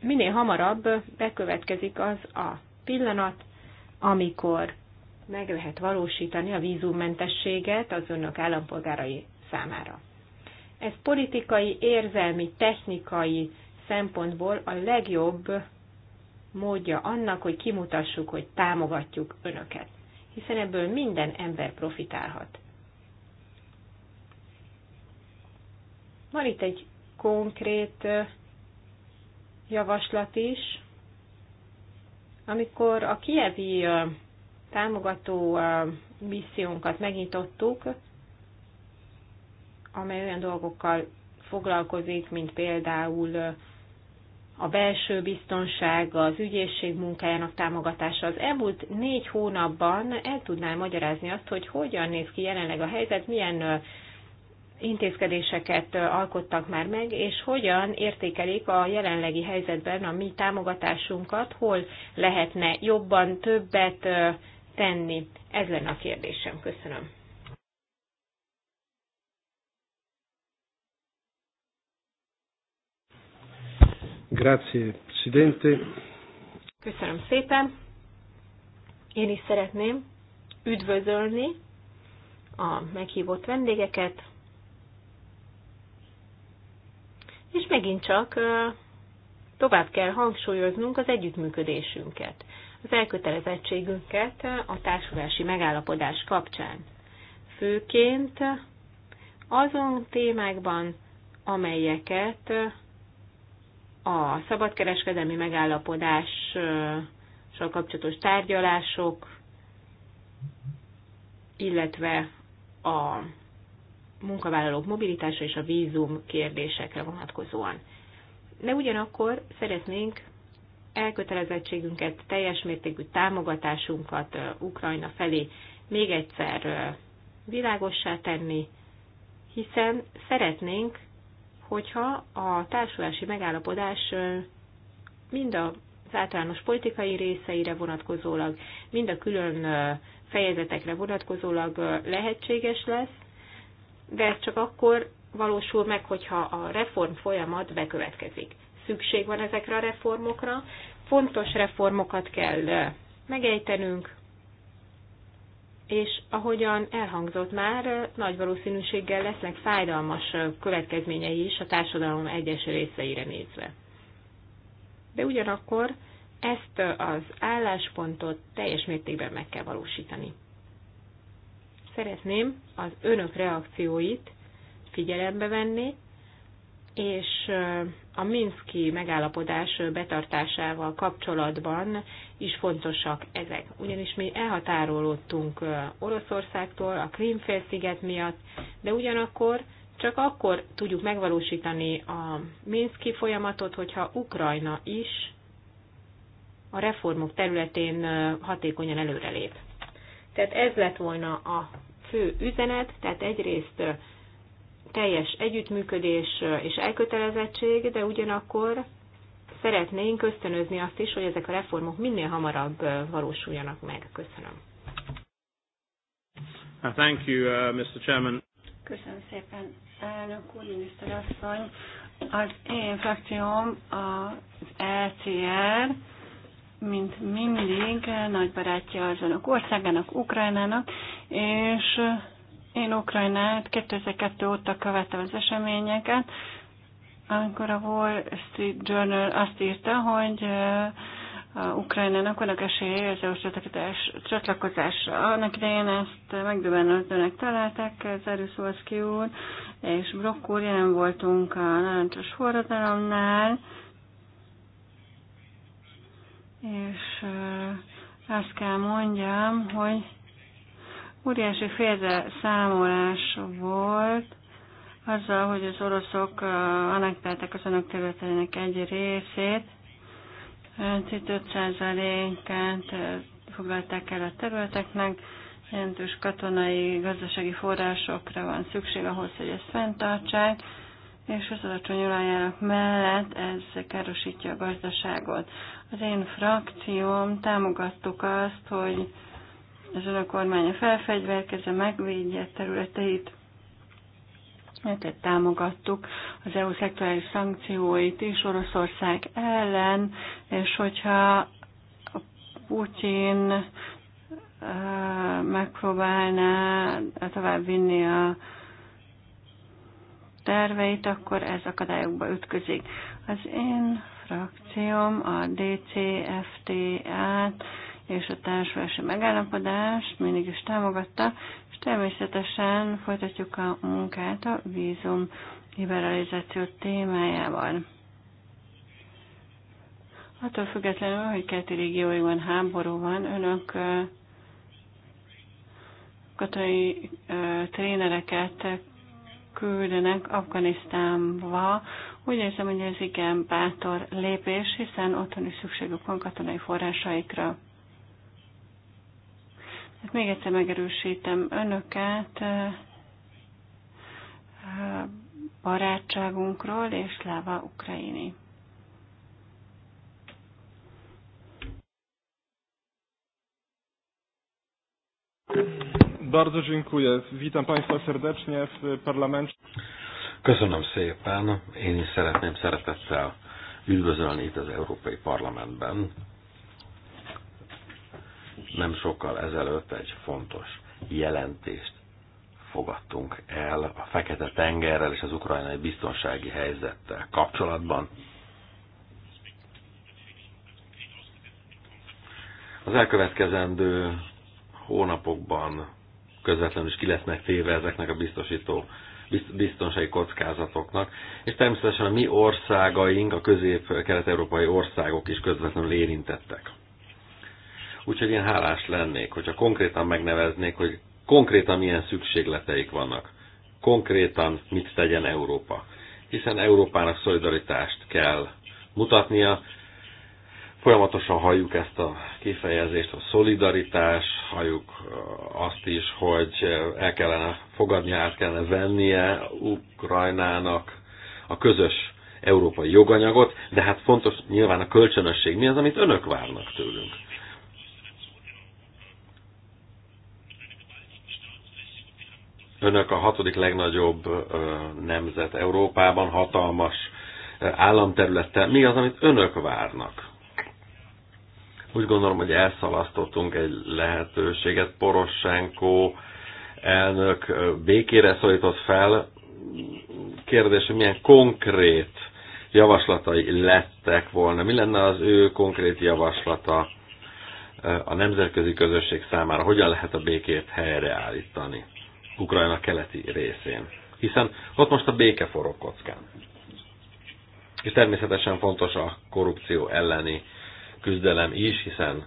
minél hamarabb bekövetkezik az a pillanat, amikor meg lehet valósítani a vízummentességet az önök állampolgárai számára. Ez politikai, érzelmi, technikai szempontból a legjobb módja annak, hogy kimutassuk, hogy támogatjuk önöket. Hiszen ebből minden ember profitálhat. Van itt egy konkrét javaslat is, amikor a kievi támogató missziónkat megnyitottuk, amely olyan dolgokkal foglalkozik, mint például a belső biztonság, az ügyészség munkájának támogatása. Az elmúlt négy hónapban el tudnál magyarázni azt, hogy hogyan néz ki jelenleg a helyzet, milyen intézkedéseket alkottak már meg, és hogyan értékelik a jelenlegi helyzetben a mi támogatásunkat, hol lehetne jobban többet tenni. Ez lenne a kérdésem. Köszönöm. Grazie, Presidente. Köszönöm szépen. Én is szeretném üdvözölni a meghívott vendégeket, és megint csak tovább kell hangsúlyoznunk az együttműködésünket, az elkötelezettségünket a társulási megállapodás kapcsán. Főként azon témákban, amelyeket a szabadkereskedelmi megállapodással kapcsolatos tárgyalások, illetve a munkavállalók mobilitása és a vízum kérdésekre vonatkozóan. De ugyanakkor szeretnénk elkötelezettségünket, teljes mértékű támogatásunkat Ukrajna felé még egyszer világossá tenni, hiszen szeretnénk hogyha a társulási megállapodás mind az általános politikai részeire vonatkozólag, mind a külön fejezetekre vonatkozólag lehetséges lesz, de ez csak akkor valósul meg, hogyha a reform folyamat bekövetkezik. Szükség van ezekre a reformokra, fontos reformokat kell megejtenünk, és ahogyan elhangzott már, nagy valószínűséggel lesznek fájdalmas következményei is a társadalom egyes részeire nézve. De ugyanakkor ezt az álláspontot teljes mértékben meg kell valósítani. Szeretném az önök reakcióit figyelembe venni, és a Minszki megállapodás betartásával kapcsolatban is fontosak ezek. Ugyanis mi elhatárolódtunk Oroszországtól, a Krímfélsziget miatt, de ugyanakkor csak akkor tudjuk megvalósítani a Minszki folyamatot, hogyha Ukrajna is a reformok területén hatékonyan előrelép. Tehát ez lett volna a fő üzenet, tehát egyrészt teljes együttműködés és elkötelezettség, de ugyanakkor szeretnénk ösztönözni azt is, hogy ezek a reformok minél hamarabb valósuljanak meg. Köszönöm. Uh, thank you, uh, Mr. Chairman. Köszönöm szépen, elnök úr, miniszterasszony. Az én frakcióm az ECR, mint mindig, nagy barátja az önök országának, Ukrajnának, és én Ukrajnát 2002 óta követem az eseményeket, amikor a Wall Street Journal azt írta, hogy a Ukrajnának vannak esélye az EU csatlakozásra. Annak idején ezt megdöbbenőtőnek találták, Zerű úr és Brokk úr, jelen voltunk a narancsos forradalomnál, és azt kell mondjam, hogy Óriási félre számolás volt azzal, hogy az oroszok annektálták az önök területének egy részét, hát itt 5%-át foglalták el a területeknek, jelentős katonai, gazdasági forrásokra van szükség ahhoz, hogy ezt fenntartsák, és az alacsony olajának mellett ez károsítja a gazdaságot. Az én frakcióm támogattuk azt, hogy az önök kormánya felfegyverkeze, megvédje területeit. Őket támogattuk az EU szektorális szankcióit is Oroszország ellen, és hogyha Putin megpróbálná tovább vinni a terveit, akkor ez akadályokba ütközik. Az én frakcióm a DCFTA-t és a társulási megállapodást mindig is támogatta, és természetesen folytatjuk a munkát a vízum liberalizáció témájával. Attól függetlenül, hogy kettő régióiban háború van, önök katonai trénereket küldenek Afganisztánba. Úgy érzem, hogy ez igen bátor lépés, hiszen otthon is szükségük van katonai forrásaikra. Hát még egyszer megerősítem önöket barátságunkról, és Láva Ukraini. Bardzo dziękuję. Witam Państwa serdecznie w parlamencie. Köszönöm szépen. Én is szeretném szeretettel üdvözölni itt az Európai Parlamentben nem sokkal ezelőtt egy fontos jelentést fogadtunk el a Fekete Tengerrel és az ukrajnai biztonsági helyzettel kapcsolatban. Az elkövetkezendő hónapokban közvetlenül is ki lesznek téve ezeknek a biztosító biztonsági kockázatoknak, és természetesen a mi országaink, a közép-kelet-európai országok is közvetlenül érintettek. Úgyhogy én hálás lennék, hogyha konkrétan megneveznék, hogy konkrétan milyen szükségleteik vannak. Konkrétan mit tegyen Európa. Hiszen Európának szolidaritást kell mutatnia. Folyamatosan halljuk ezt a kifejezést, a szolidaritás, halljuk uh, azt is, hogy el kellene fogadnia, át kellene vennie Ukrajnának a közös európai joganyagot, de hát fontos nyilván a kölcsönösség. Mi az, amit önök várnak tőlünk? Önök a hatodik legnagyobb nemzet Európában, hatalmas államterülettel. Mi az, amit önök várnak? Úgy gondolom, hogy elszalasztottunk egy lehetőséget. Poroshenko elnök békére szólított fel. Kérdés, hogy milyen konkrét javaslatai lettek volna. Mi lenne az ő konkrét javaslata a nemzetközi közösség számára? Hogyan lehet a békét helyreállítani? Ukrajna keleti részén. Hiszen ott most a béke forog kockán. És természetesen fontos a korrupció elleni küzdelem is, hiszen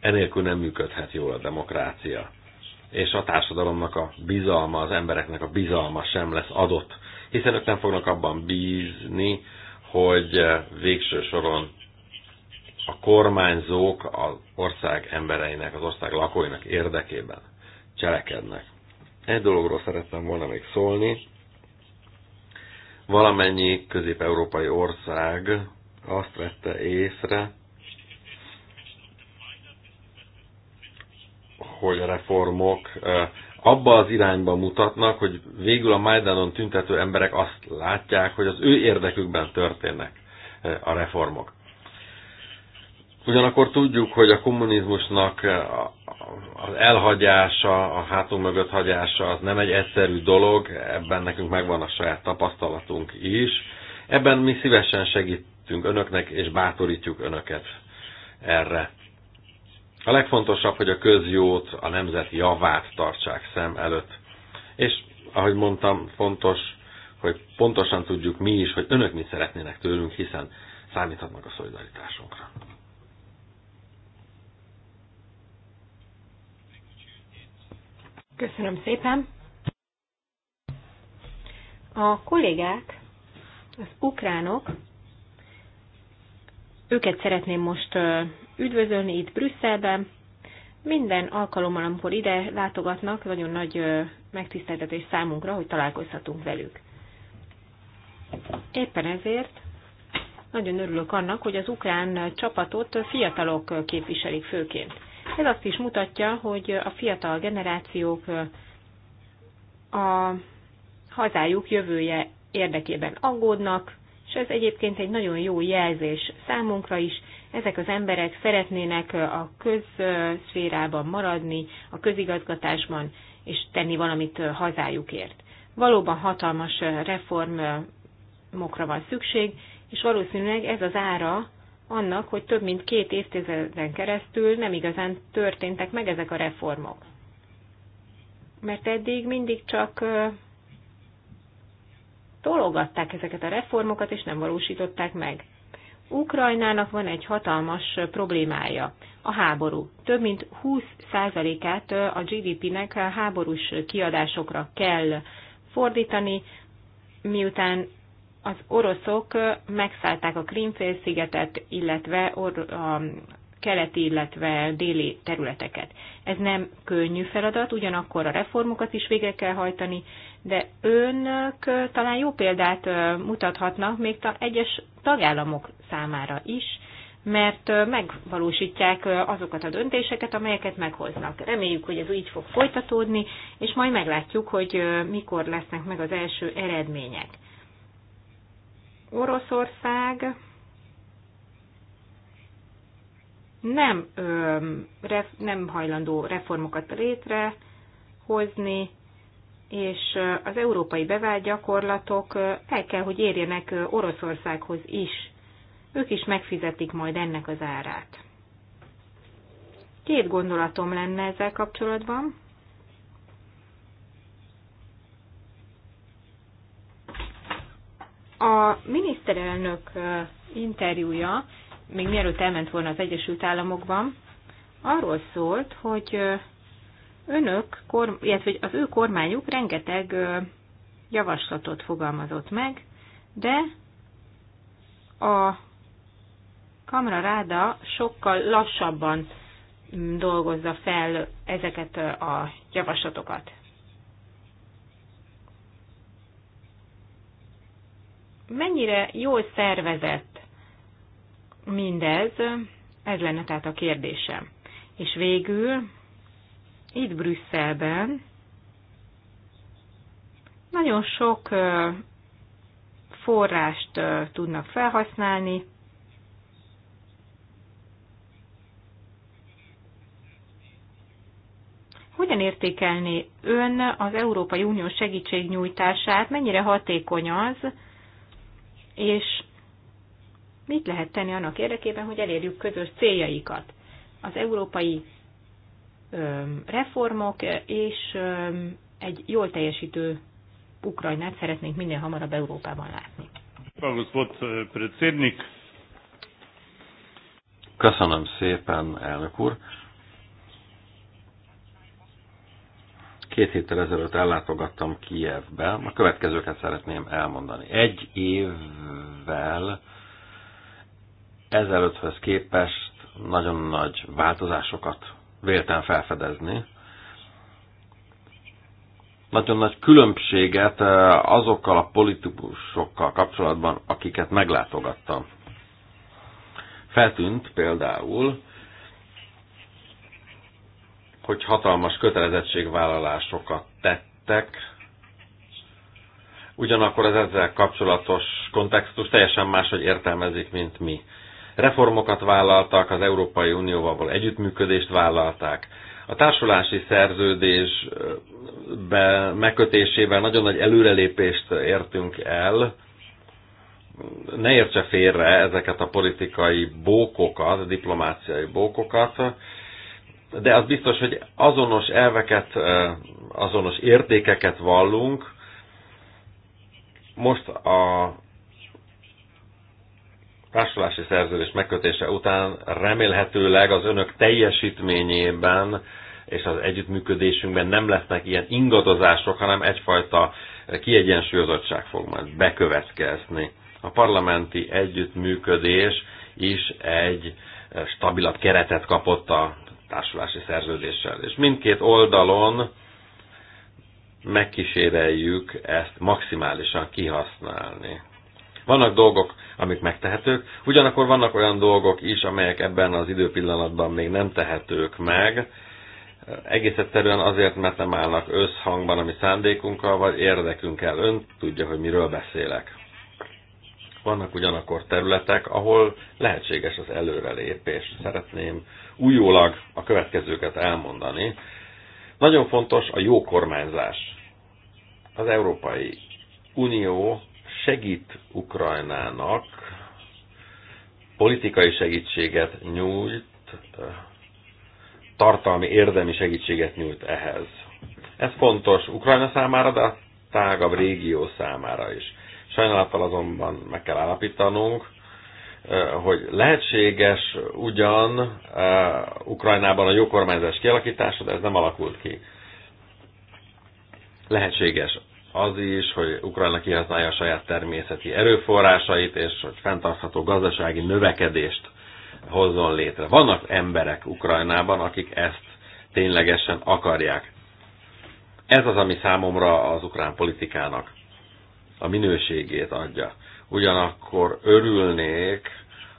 enélkül nem működhet jól a demokrácia. És a társadalomnak a bizalma, az embereknek a bizalma sem lesz adott, hiszen ők nem fognak abban bízni, hogy végső soron a kormányzók az ország embereinek, az ország lakóinak érdekében cselekednek. Egy dologról szerettem volna még szólni. Valamennyi közép-európai ország azt vette észre, hogy a reformok abba az irányba mutatnak, hogy végül a Majdanon tüntető emberek azt látják, hogy az ő érdekükben történnek a reformok. Ugyanakkor tudjuk, hogy a kommunizmusnak eh, az elhagyása, a hátunk mögött hagyása az nem egy egyszerű dolog, ebben nekünk megvan a saját tapasztalatunk is. Ebben mi szívesen segítünk önöknek, és bátorítjuk önöket erre. A legfontosabb, hogy a közjót, a nemzet javát tartsák szem előtt. És ahogy mondtam, fontos, hogy pontosan tudjuk mi is, hogy önök mit szeretnének tőlünk, hiszen számíthatnak a szolidaritásunkra. Köszönöm szépen. A kollégák, az ukránok, őket szeretném most üdvözölni itt Brüsszelben. Minden alkalommal, amikor ide látogatnak, nagyon nagy megtiszteltetés számunkra, hogy találkozhatunk velük. Éppen ezért nagyon örülök annak, hogy az ukrán csapatot fiatalok képviselik főként. Ez azt is mutatja, hogy a fiatal generációk a hazájuk jövője érdekében aggódnak, és ez egyébként egy nagyon jó jelzés számunkra is. Ezek az emberek szeretnének a közszférában maradni, a közigazgatásban, és tenni valamit hazájukért. Valóban hatalmas reformokra van szükség, és valószínűleg ez az ára annak, hogy több mint két évtizeden keresztül nem igazán történtek meg ezek a reformok. Mert eddig mindig csak tologatták ezeket a reformokat, és nem valósították meg. Ukrajnának van egy hatalmas problémája, a háború. Több mint 20%-át a GDP-nek háborús kiadásokra kell fordítani, miután az oroszok megszállták a Krímfélszigetet, illetve a keleti, illetve déli területeket. Ez nem könnyű feladat, ugyanakkor a reformokat is végre kell hajtani, de önök talán jó példát mutathatnak még egyes tagállamok számára is, mert megvalósítják azokat a döntéseket, amelyeket meghoznak. Reméljük, hogy ez így fog folytatódni, és majd meglátjuk, hogy mikor lesznek meg az első eredmények. Oroszország nem, ö, ref, nem hajlandó reformokat létrehozni, és az európai bevált gyakorlatok el kell, hogy érjenek Oroszországhoz is. Ők is megfizetik majd ennek az árát. Két gondolatom lenne ezzel kapcsolatban. A miniszterelnök interjúja, még mielőtt elment volna az Egyesült Államokban, arról szólt, hogy önök, illetve az ő kormányuk rengeteg javaslatot fogalmazott meg, de a ráda sokkal lassabban dolgozza fel ezeket a javaslatokat. mennyire jól szervezett mindez, ez lenne tehát a kérdésem. És végül itt Brüsszelben nagyon sok forrást tudnak felhasználni, Hogyan értékelni ön az Európai Unió segítségnyújtását, mennyire hatékony az, és mit lehet tenni annak érdekében, hogy elérjük közös céljaikat. Az európai reformok és egy jól teljesítő Ukrajnát szeretnénk minél hamarabb Európában látni. Eh, Köszönöm szépen, elnök úr. Két héttel ezelőtt ellátogattam Kijevbe. A következőket szeretném elmondani. Egy évvel ezelőtthöz képest nagyon nagy változásokat véltem felfedezni. Nagyon nagy különbséget eh, azokkal a politikusokkal kapcsolatban, akiket meglátogattam. Feltűnt például, hogy hatalmas kötelezettségvállalásokat tettek, ugyanakkor az ezzel kapcsolatos kontextus teljesen máshogy értelmezik, mint mi. Reformokat vállaltak, az Európai Unióval való együttműködést vállalták. A társulási szerződés megkötésével nagyon nagy előrelépést értünk el, ne értse félre ezeket a politikai bókokat, diplomáciai bókokat de az biztos, hogy azonos elveket, azonos értékeket vallunk. Most a társulási szerződés megkötése után remélhetőleg az önök teljesítményében és az együttműködésünkben nem lesznek ilyen ingadozások, hanem egyfajta kiegyensúlyozottság fog majd bekövetkezni. A parlamenti együttműködés is egy stabilabb keretet kapott a társulási szerződéssel. És mindkét oldalon megkíséreljük ezt maximálisan kihasználni. Vannak dolgok, amik megtehetők, ugyanakkor vannak olyan dolgok is, amelyek ebben az időpillanatban még nem tehetők meg, egész egyszerűen azért, mert nem állnak összhangban a mi szándékunkkal, vagy érdekünkkel. Ön tudja, hogy miről beszélek. Vannak ugyanakkor területek, ahol lehetséges az előrelépés. Szeretném újólag a következőket elmondani. Nagyon fontos a jó kormányzás. Az Európai Unió segít Ukrajnának, politikai segítséget nyújt, tartalmi érdemi segítséget nyújt ehhez. Ez fontos Ukrajna számára, de a tágabb régió számára is. Sajnálattal azonban meg kell állapítanunk, hogy lehetséges ugyan Ukrajnában a jó kormányzás kialakítása, de ez nem alakult ki. Lehetséges az is, hogy Ukrajna kihasználja a saját természeti erőforrásait, és hogy fenntartható gazdasági növekedést hozzon létre. Vannak emberek Ukrajnában, akik ezt ténylegesen akarják. Ez az, ami számomra az ukrán politikának a minőségét adja. Ugyanakkor örülnék,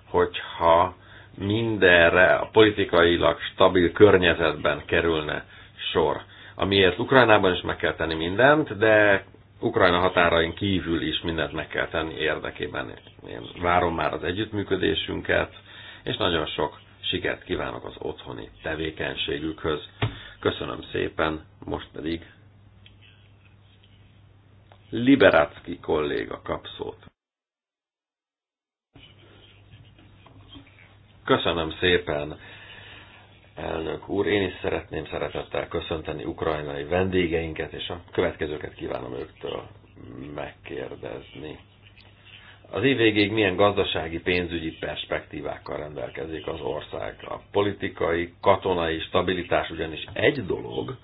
hogyha mindenre a politikailag stabil környezetben kerülne sor. Amiért Ukrajnában is meg kell tenni mindent, de Ukrajna határain kívül is mindent meg kell tenni érdekében. Én várom már az együttműködésünket, és nagyon sok sikert kívánok az otthoni tevékenységükhöz. Köszönöm szépen, most pedig Liberácki kolléga kap szót. Köszönöm szépen, elnök úr. Én is szeretném szeretettel köszönteni ukrajnai vendégeinket, és a következőket kívánom őktől megkérdezni. Az év végéig milyen gazdasági, pénzügyi perspektívákkal rendelkezik az ország? A politikai, katonai stabilitás ugyanis egy dolog,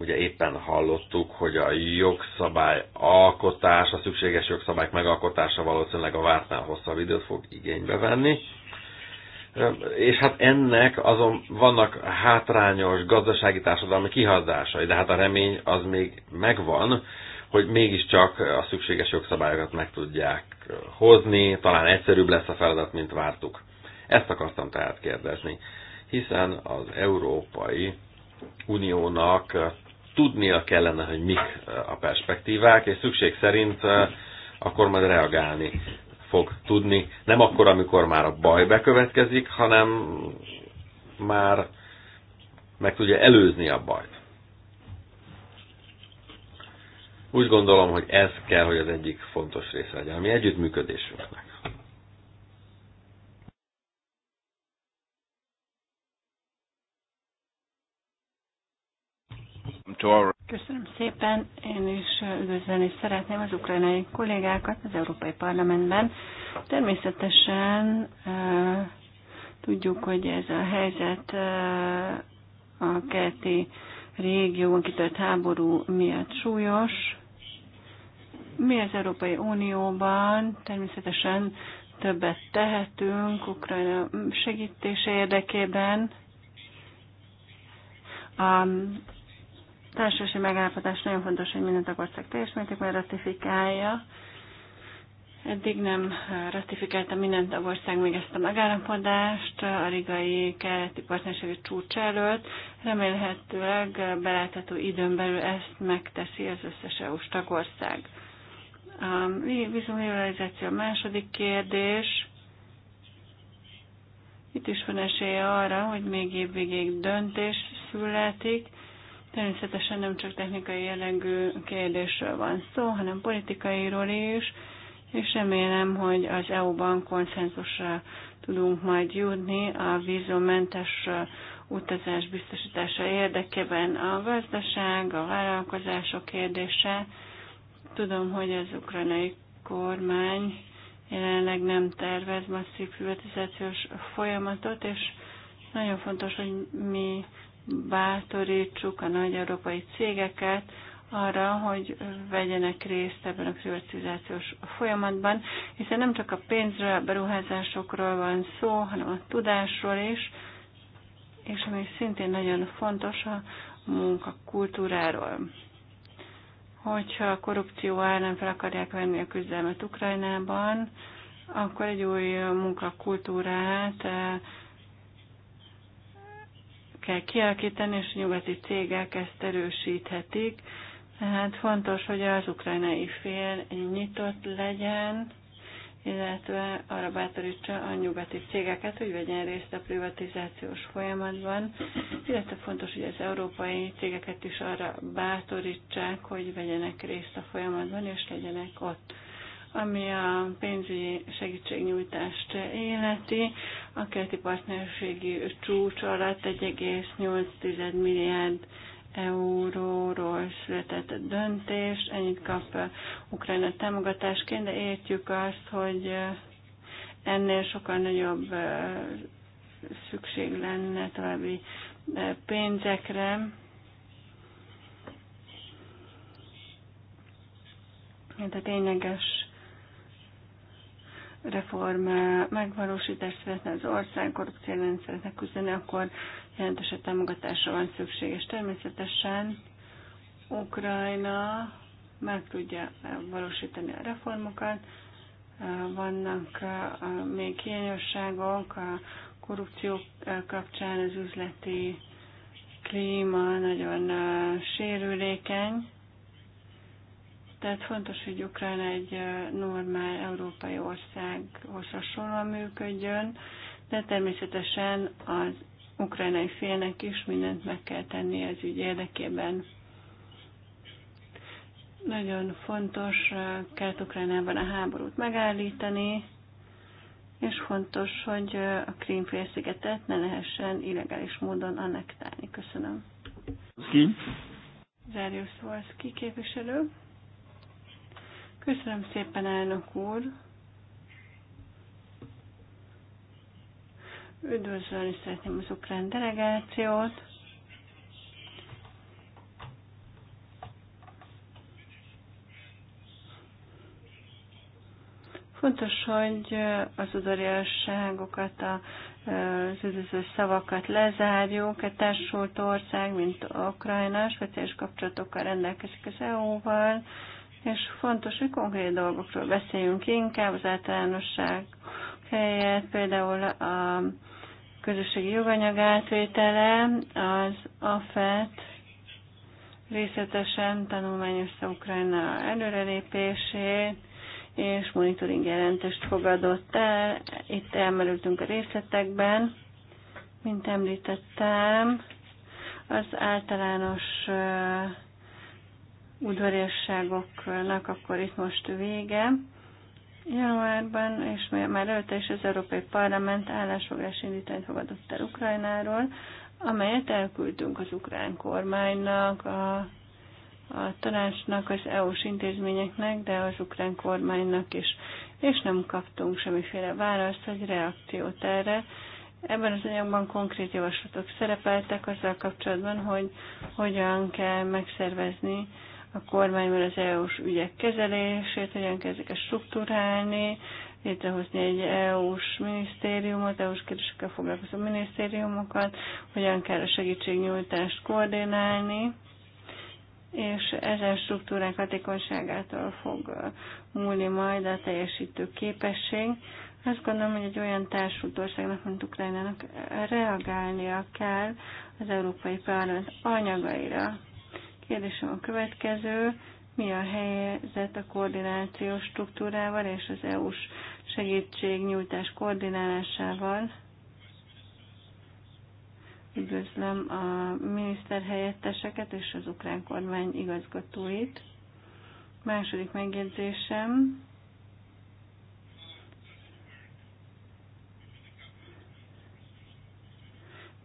Ugye éppen hallottuk, hogy a jogszabály alkotása, a szükséges jogszabályok megalkotása valószínűleg a vártnál hosszabb időt fog igénybe venni. És hát ennek azon vannak hátrányos gazdasági társadalmi kihazásai, de hát a remény az még megvan, hogy mégiscsak a szükséges jogszabályokat meg tudják hozni, talán egyszerűbb lesz a feladat, mint vártuk. Ezt akartam tehát kérdezni, hiszen az Európai Uniónak tudnia kellene, hogy mik a perspektívák, és szükség szerint akkor majd reagálni fog tudni. Nem akkor, amikor már a baj bekövetkezik, hanem már meg tudja előzni a bajt. Úgy gondolom, hogy ez kell, hogy az egyik fontos része legyen a mi együttműködésünknek. Köszönöm szépen, én is és szeretném az ukrajnai kollégákat az Európai Parlamentben. Természetesen uh, tudjuk, hogy ez a helyzet uh, a keleti régióban kitört háború miatt súlyos. Mi az Európai Unióban természetesen többet tehetünk Ukrajna segítése érdekében. Um, társasi megállapodás nagyon fontos, hogy minden tagország teljes mértékben ratifikálja. Eddig nem eh, ratifikálta minden tagország még ezt a megállapodást a rigai keleti partnerségi csúcs előtt. Remélhetőleg belátható időn belül ezt megteszi az összes EU-s tagország. A vizumliberalizáció a második kérdés. Itt is van esélye arra, hogy még évvégéig döntés születik, Természetesen nem csak technikai jellegű kérdésről van szó, hanem politikairól is, és remélem, hogy az EU-ban konszenzusra tudunk majd jutni a vízummentes utazás biztosítása érdekében a gazdaság, a vállalkozások kérdése. Tudom, hogy az ukrajnai kormány jelenleg nem tervez masszív privatizációs folyamatot, és nagyon fontos, hogy mi bátorítsuk a nagy európai cégeket arra, hogy vegyenek részt ebben a privatizációs folyamatban, hiszen nem csak a pénzről, a beruházásokról van szó, hanem a tudásról is, és ami szintén nagyon fontos, a munkakultúráról. Hogyha a korrupció nem fel akarják venni a küzdelmet Ukrajnában, akkor egy új munkakultúrát eh, kell kialakítani, és nyugati cégek ezt erősíthetik. Tehát fontos, hogy az ukrajnai fél nyitott legyen, illetve arra bátorítsa a nyugati cégeket, hogy vegyen részt a privatizációs folyamatban, illetve fontos, hogy az európai cégeket is arra bátorítsák, hogy vegyenek részt a folyamatban, és legyenek ott ami a pénzügyi segítségnyújtást életi. A keleti partnerségi csúcs alatt 1,8 milliárd euróról született döntés, ennyit kap eh, Ukrajna támogatásként, de értjük azt, hogy eh, ennél sokkal nagyobb eh, szükség lenne további pénzekre. Tehát a tényleges reform megvalósítást szeretne az ország, korrupció szeretne küzdeni, akkor jelentős támogatásra van szükség, és természetesen Ukrajna meg tudja valósítani a reformokat, vannak még hiányosságok, a korrupció kapcsán az üzleti klíma nagyon sérülékeny, tehát fontos, hogy Ukrán egy normál európai országhoz hasonlóan működjön, de természetesen az ukránai félnek is mindent meg kell tenni az ügy érdekében. Nagyon fontos kell ukránában a háborút megállítani, és fontos, hogy a Krímfélszigetet ne lehessen illegális módon annektálni. Köszönöm. Ki? Zárjó Volszki képviselő. Köszönöm szépen, elnök úr! Üdvözölni szeretném az ukrán delegációt. Fontos, hogy az udvariasságokat, az üdvözlő szavakat lezárjuk. Egy társult ország, mint Ukrajna, speciális kapcsolatokkal rendelkezik az EU-val és fontos, hogy konkrét dolgokról beszéljünk inkább az általánosság helyett, például a közösségi joganyag átvétele, az AFET részletesen tanulmányozta Ukrajna előrelépését, és monitoring jelentést fogadott el. Itt elmerültünk a részletekben. Mint említettem, az általános udvariasságoknak akkor itt most vége. Januárban, és már előtte is az Európai Parlament állásfoglás indítani fogadott el Ukrajnáról, amelyet elküldtünk az ukrán kormánynak, a, a tanácsnak, az EU-s intézményeknek, de az ukrán kormánynak is. És nem kaptunk semmiféle választ vagy reakciót erre. Ebben az anyagban konkrét javaslatok szerepeltek azzal kapcsolatban, hogy hogyan kell megszervezni a kormányban az EU-s ügyek kezelését, hogyan kezdik a struktúrálni, létrehozni egy EU-s minisztériumot, EU-s kérdésekkel foglalkozó minisztériumokat, hogyan kell a segítségnyújtást koordinálni, és ezen struktúrák hatékonyságától fog múlni majd a teljesítő képesség. Azt gondolom, hogy egy olyan társult országnak, mint Ukrajnának reagálnia kell az Európai Parlament anyagaira, Kérdésem a következő, mi a helyzet a koordinációs struktúrával és az EU-s segítségnyújtás koordinálásával? Üdvözlöm a miniszterhelyetteseket és az ukrán kormány igazgatóit. Második megjegyzésem,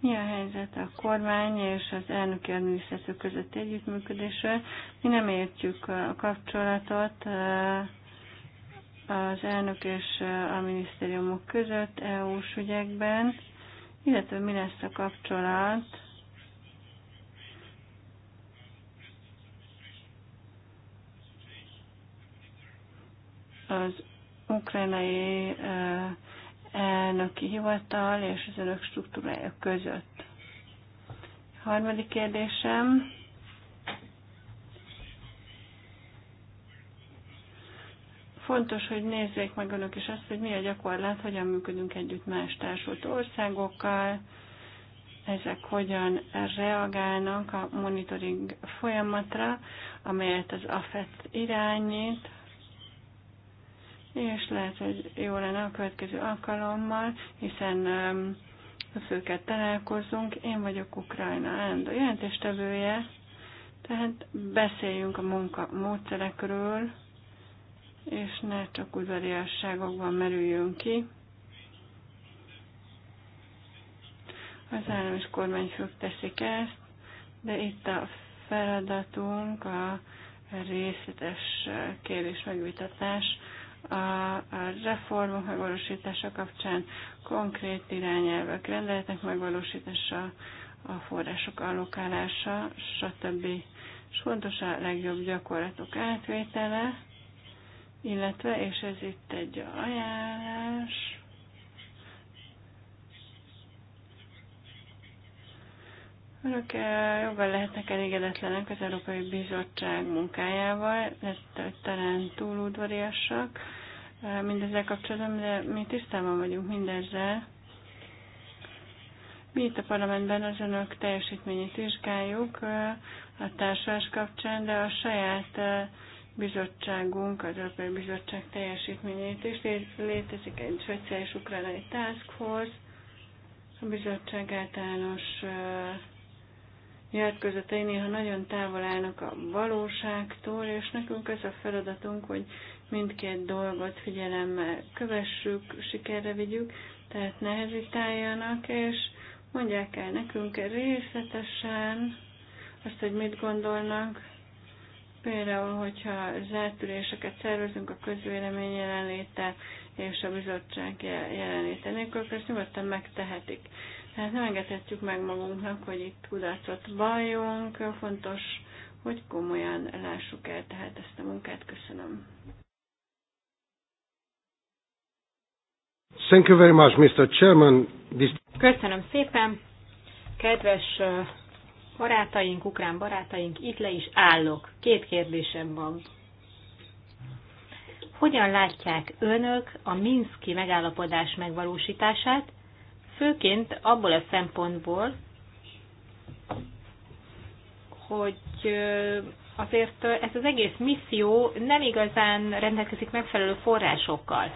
Mi a helyzet a kormány és az elnöki adminisztráció között együttműködésről? Mi nem értjük a kapcsolatot az elnök és a minisztériumok között EU-s ügyekben, illetve mi lesz a kapcsolat az ukrajnai elnöki hivatal és az önök struktúrája között. Harmadik kérdésem. Fontos, hogy nézzék meg önök is azt, hogy mi a gyakorlat, hogyan működünk együtt más társult országokkal, ezek hogyan reagálnak a monitoring folyamatra, amelyet az AFET irányít, és lehet, hogy jó lenne a következő alkalommal, hiszen um, főket találkozunk. Én vagyok Ukrajna állandó jelentéstevője, tehát beszéljünk a munka módszerekről, és ne csak udvariasságokban merüljünk ki. Az állam és kormányfők teszik ezt, de itt a feladatunk a részletes uh, kérdés megvitatás, a, a reformok megvalósítása kapcsán konkrét irányelvek, rendeletek megvalósítása, a források allokálása, stb. És fontos a legjobb gyakorlatok átvétele, illetve, és ez itt egy ajánlás, Önök eh, jobban lehetnek elégedetlenek az Európai Bizottság munkájával, ezt talán udvariassak eh, mindezzel kapcsolatban, de mi tisztában vagyunk mindezzel. Mi itt a parlamentben az önök teljesítményét vizsgáljuk eh, a társas kapcsán, de a saját bizottságunk, az Európai Bizottság teljesítményét is. Létezik egy speciális ukrajnai task force, a bizottság általános nyilatkozatai néha nagyon távol állnak a valóságtól, és nekünk ez a feladatunk, hogy mindkét dolgot figyelemmel kövessük, sikerre vigyük, tehát ne hezitáljanak, és mondják el nekünk részletesen azt, hogy mit gondolnak, például, hogyha zártüléseket szervezünk a közvélemény jelenléte és a bizottság jelenléte nélkül, akkor ezt nyugodtan megtehetik. Tehát nem engedhetjük meg magunknak, hogy itt kudarcot valljunk. Fontos, hogy komolyan lássuk el tehát ezt a munkát. Köszönöm. Thank you very much, Mr. Chairman. This... Köszönöm szépen. Kedves barátaink, ukrán barátaink, itt le is állok. Két kérdésem van. Hogyan látják önök a Minszki megállapodás megvalósítását, főként abból a szempontból, hogy azért ez az egész misszió nem igazán rendelkezik megfelelő forrásokkal.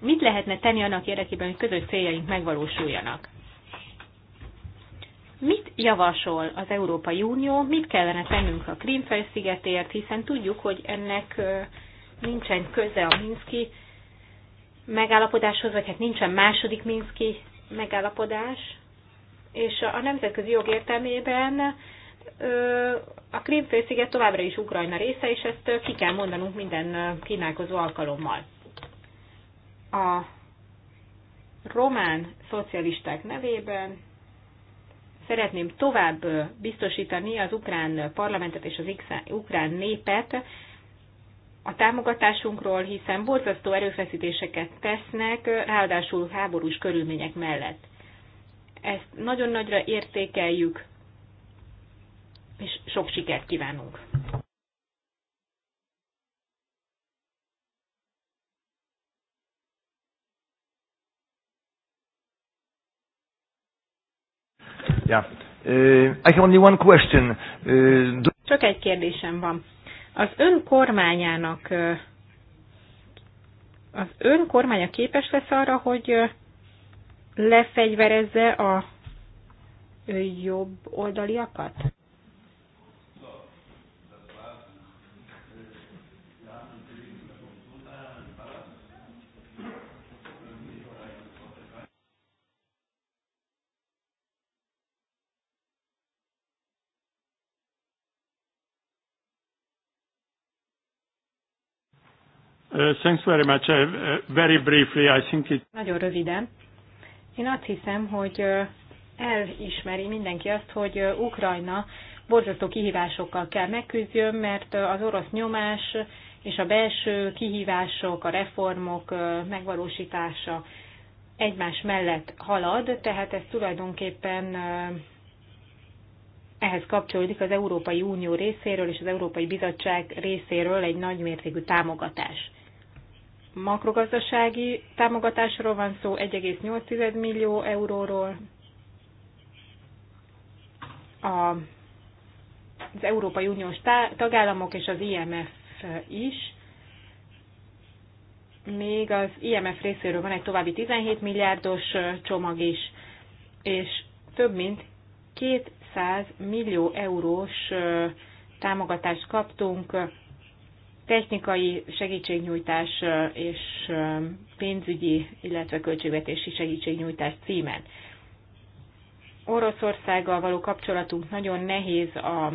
Mit lehetne tenni annak érdekében, hogy közös céljaink megvalósuljanak? Mit javasol az Európai Unió, mit kellene tennünk a szigetért, hiszen tudjuk, hogy ennek nincsen köze a Minszki megállapodáshoz, vagy hát nincsen második Minszki megállapodás, és a nemzetközi jog értelmében a Krímfélsziget továbbra is Ukrajna része, és ezt ki kell mondanunk minden kínálkozó alkalommal. A román szocialisták nevében szeretném tovább biztosítani az ukrán parlamentet és az ukrán népet a támogatásunkról, hiszen borzasztó erőfeszítéseket tesznek, ráadásul háborús körülmények mellett. Ezt nagyon nagyra értékeljük, és sok sikert kívánunk! Yeah. Uh, I have only one question. Uh, do... Csak egy kérdésem van az ön kormányának az ön kormánya képes lesz arra, hogy lefegyverezze a jobb oldaliakat? Uh, thanks very much. Uh, uh, very briefly, I think it... Nagyon röviden. Én azt hiszem, hogy elismeri mindenki azt, hogy Ukrajna borzasztó kihívásokkal kell megküzdjön, mert az orosz nyomás és a belső kihívások, a reformok megvalósítása egymás mellett halad, tehát ez tulajdonképpen ehhez kapcsolódik az Európai Unió részéről és az Európai Bizottság részéről egy nagymértékű támogatás. Makrogazdasági támogatásról van szó, 1,8 millió euróról. A, az Európai Uniós tagállamok és az IMF is. Még az IMF részéről van egy további 17 milliárdos csomag is, és több mint két 200 millió eurós támogatást kaptunk technikai segítségnyújtás és pénzügyi, illetve költségvetési segítségnyújtás címen. Oroszországgal való kapcsolatunk nagyon nehéz a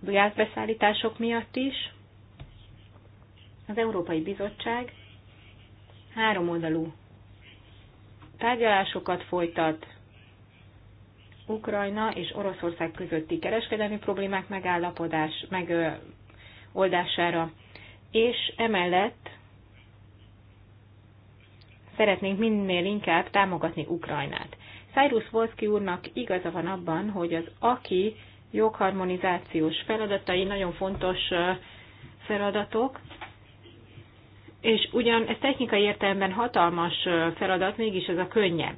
gázbeszállítások miatt is. Az Európai Bizottság három oldalú tárgyalásokat folytat Ukrajna és Oroszország közötti kereskedelmi problémák megállapodás, megoldására, és emellett szeretnénk minél inkább támogatni Ukrajnát. Cyrus Wolski úrnak igaza van abban, hogy az aki jogharmonizációs feladatai nagyon fontos feladatok, és ugyan ez technikai értelemben hatalmas feladat, mégis ez a könnyebb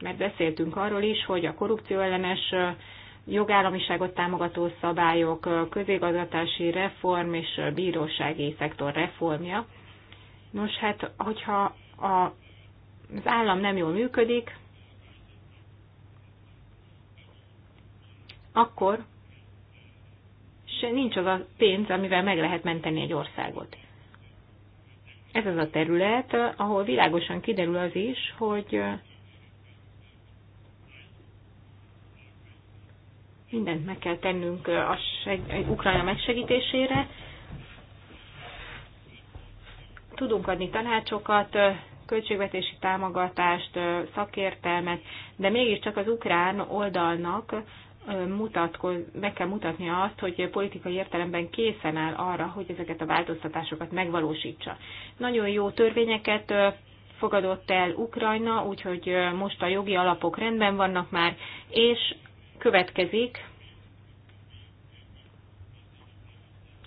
mert beszéltünk arról is, hogy a korrupcióellenes jogállamiságot támogató szabályok, közigazgatási reform és bírósági szektor reformja. Nos, hát, hogyha a, az állam nem jól működik, akkor se nincs az a pénz, amivel meg lehet menteni egy országot. Ez az a terület, ahol világosan kiderül az is, hogy mindent meg kell tennünk a seg- Ukrajna megsegítésére. Tudunk adni tanácsokat, költségvetési támogatást, szakértelmet, de mégiscsak az ukrán oldalnak mutatkoz, meg kell mutatnia azt, hogy politikai értelemben készen áll arra, hogy ezeket a változtatásokat megvalósítsa. Nagyon jó törvényeket fogadott el Ukrajna, úgyhogy most a jogi alapok rendben vannak már, és következik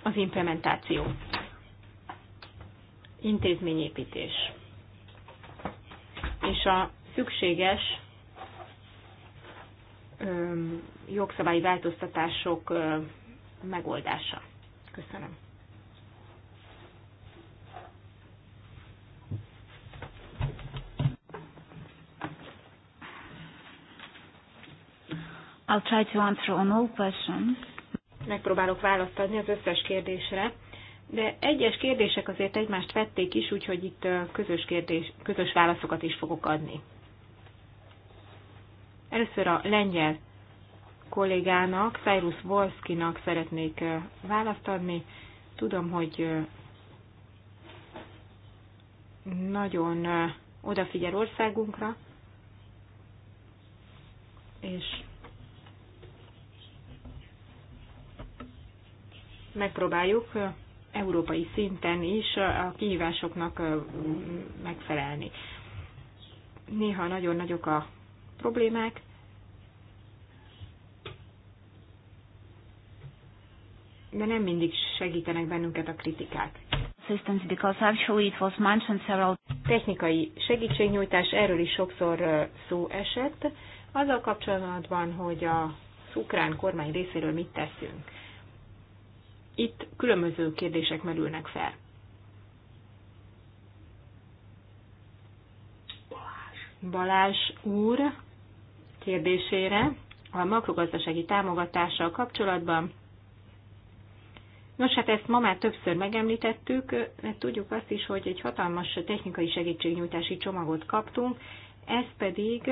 az implementáció. Intézményépítés. És a szükséges jogszabályi változtatások megoldása. Köszönöm. I'll try to answer on all questions. Megpróbálok választ adni az összes kérdésre, de egyes kérdések azért egymást vették is, úgyhogy itt közös, kérdés, közös válaszokat is fogok adni. Először a lengyel kollégának, Cyrus Wolskinak szeretnék választ adni. Tudom, hogy nagyon odafigyel országunkra, és megpróbáljuk európai szinten is a kihívásoknak megfelelni. Néha nagyon nagyok a problémák, de nem mindig segítenek bennünket a kritikák. Technikai segítségnyújtás, erről is sokszor szó esett, azzal kapcsolatban, hogy a ukrán kormány részéről mit teszünk itt különböző kérdések merülnek fel. Balázs úr kérdésére a makrogazdasági támogatással kapcsolatban. Nos, hát ezt ma már többször megemlítettük, mert tudjuk azt is, hogy egy hatalmas technikai segítségnyújtási csomagot kaptunk, ez pedig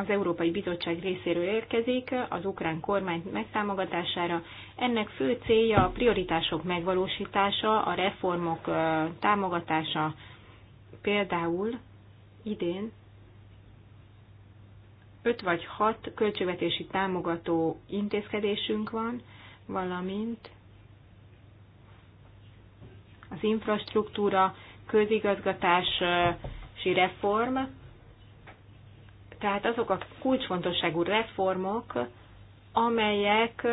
az Európai Bizottság részéről érkezik az ukrán kormány megtámogatására. Ennek fő célja a prioritások megvalósítása, a reformok támogatása. Például idén 5 vagy 6 költségvetési támogató intézkedésünk van, valamint az infrastruktúra, közigazgatási reform, tehát azok a kulcsfontosságú reformok, amelyek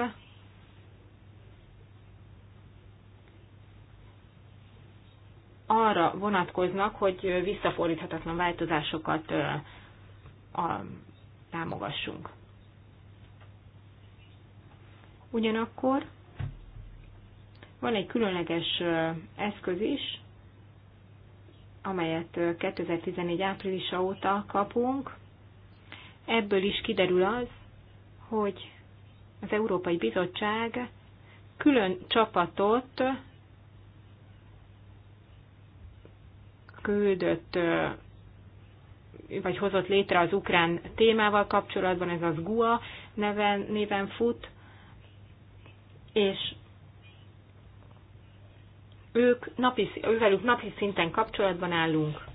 arra vonatkoznak, hogy visszafordíthatatlan változásokat támogassunk. Ugyanakkor van egy különleges eszköz is, amelyet 2014 áprilisa óta kapunk, Ebből is kiderül az, hogy az Európai Bizottság külön csapatot küldött, vagy hozott létre az ukrán témával kapcsolatban, ez az GUA neven, néven fut, és ők napi, velük napi szinten kapcsolatban állunk.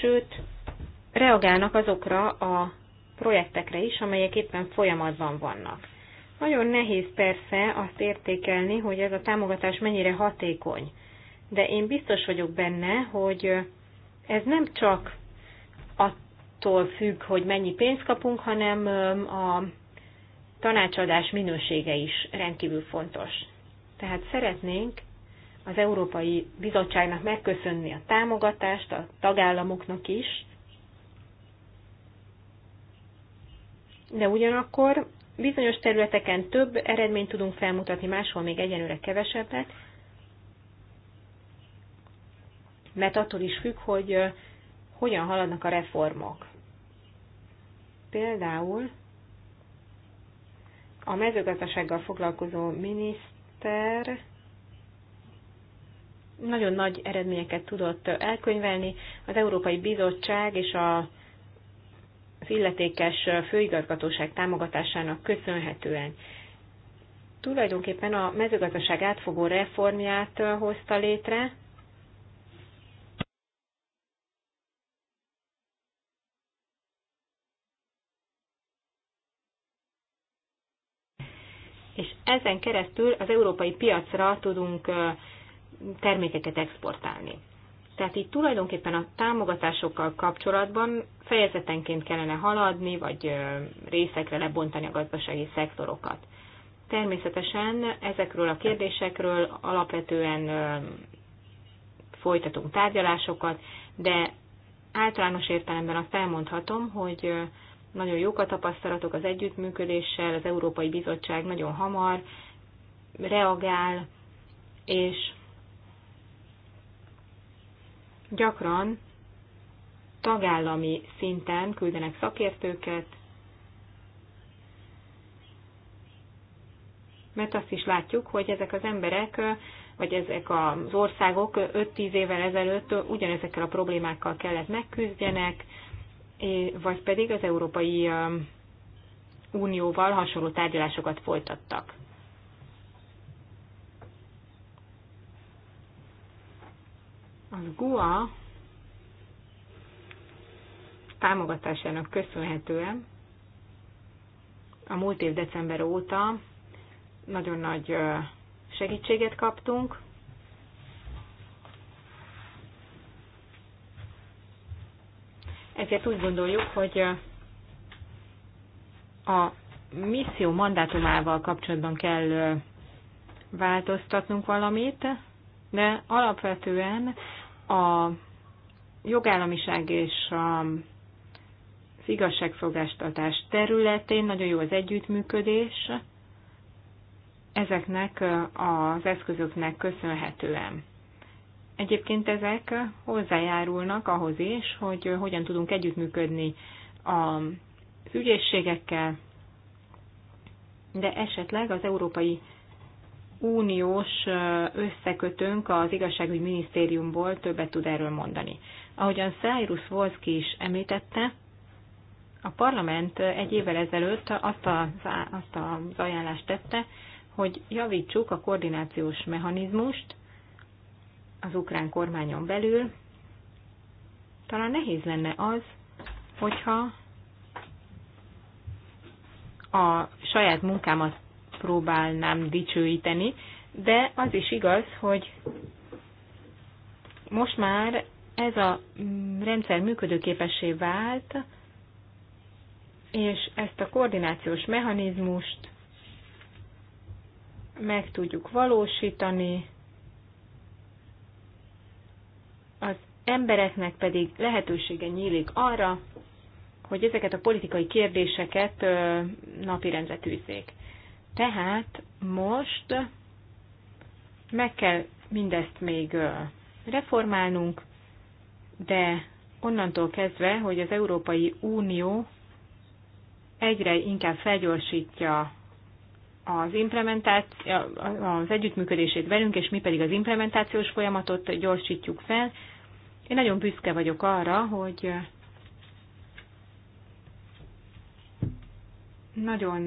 Sőt, reagálnak azokra a projektekre is, amelyek éppen folyamatban vannak. Nagyon nehéz persze azt értékelni, hogy ez a támogatás mennyire hatékony, de én biztos vagyok benne, hogy ez nem csak attól függ, hogy mennyi pénzt kapunk, hanem a tanácsadás minősége is rendkívül fontos. Tehát szeretnénk az Európai Bizottságnak megköszönni a támogatást, a tagállamoknak is, de ugyanakkor bizonyos területeken több eredményt tudunk felmutatni, máshol még egyenőre kevesebbet, mert attól is függ, hogy hogyan haladnak a reformok. Például a mezőgazdasággal foglalkozó miniszter nagyon nagy eredményeket tudott elkönyvelni. Az Európai Bizottság és a az illetékes főigazgatóság támogatásának köszönhetően. Tulajdonképpen a mezőgazdaság átfogó reformját hozta létre, és ezen keresztül az európai piacra tudunk termékeket exportálni. Tehát itt tulajdonképpen a támogatásokkal kapcsolatban fejezetenként kellene haladni, vagy részekre lebontani a gazdasági szektorokat. Természetesen ezekről a kérdésekről alapvetően folytatunk tárgyalásokat, de általános értelemben azt elmondhatom, hogy nagyon jók a tapasztalatok az együttműködéssel, az Európai Bizottság nagyon hamar reagál, és gyakran tagállami szinten küldenek szakértőket, mert azt is látjuk, hogy ezek az emberek, vagy ezek az országok 5-10 évvel ezelőtt ugyanezekkel a problémákkal kellett megküzdjenek, vagy pedig az Európai um, Unióval hasonló tárgyalásokat folytattak. A GUA támogatásának köszönhetően a múlt év december óta nagyon nagy segítséget kaptunk. Ezért úgy gondoljuk, hogy a misszió mandátumával kapcsolatban kell változtatnunk valamit, de alapvetően a jogállamiság és a igazságszolgáltatás területén nagyon jó az együttműködés ezeknek az eszközöknek köszönhetően. Egyébként ezek hozzájárulnak ahhoz is, hogy hogyan tudunk együttműködni az ügyészségekkel, de esetleg az európai uniós összekötőnk az igazságügyi minisztériumból többet tud erről mondani. Ahogyan Cyrus Wolski is említette, a parlament egy évvel ezelőtt azt az, azt az ajánlást tette, hogy javítsuk a koordinációs mechanizmust az ukrán kormányon belül. Talán nehéz lenne az, hogyha a saját munkámat próbálnám dicsőíteni, de az is igaz, hogy most már ez a rendszer működőképessé vált, és ezt a koordinációs mechanizmust meg tudjuk valósítani, az embereknek pedig lehetősége nyílik arra, hogy ezeket a politikai kérdéseket napirendre tűzzék. Tehát most meg kell mindezt még reformálnunk, de onnantól kezdve, hogy az Európai Unió egyre inkább felgyorsítja az az együttműködését velünk, és mi pedig az implementációs folyamatot gyorsítjuk fel. Én nagyon büszke vagyok arra, hogy nagyon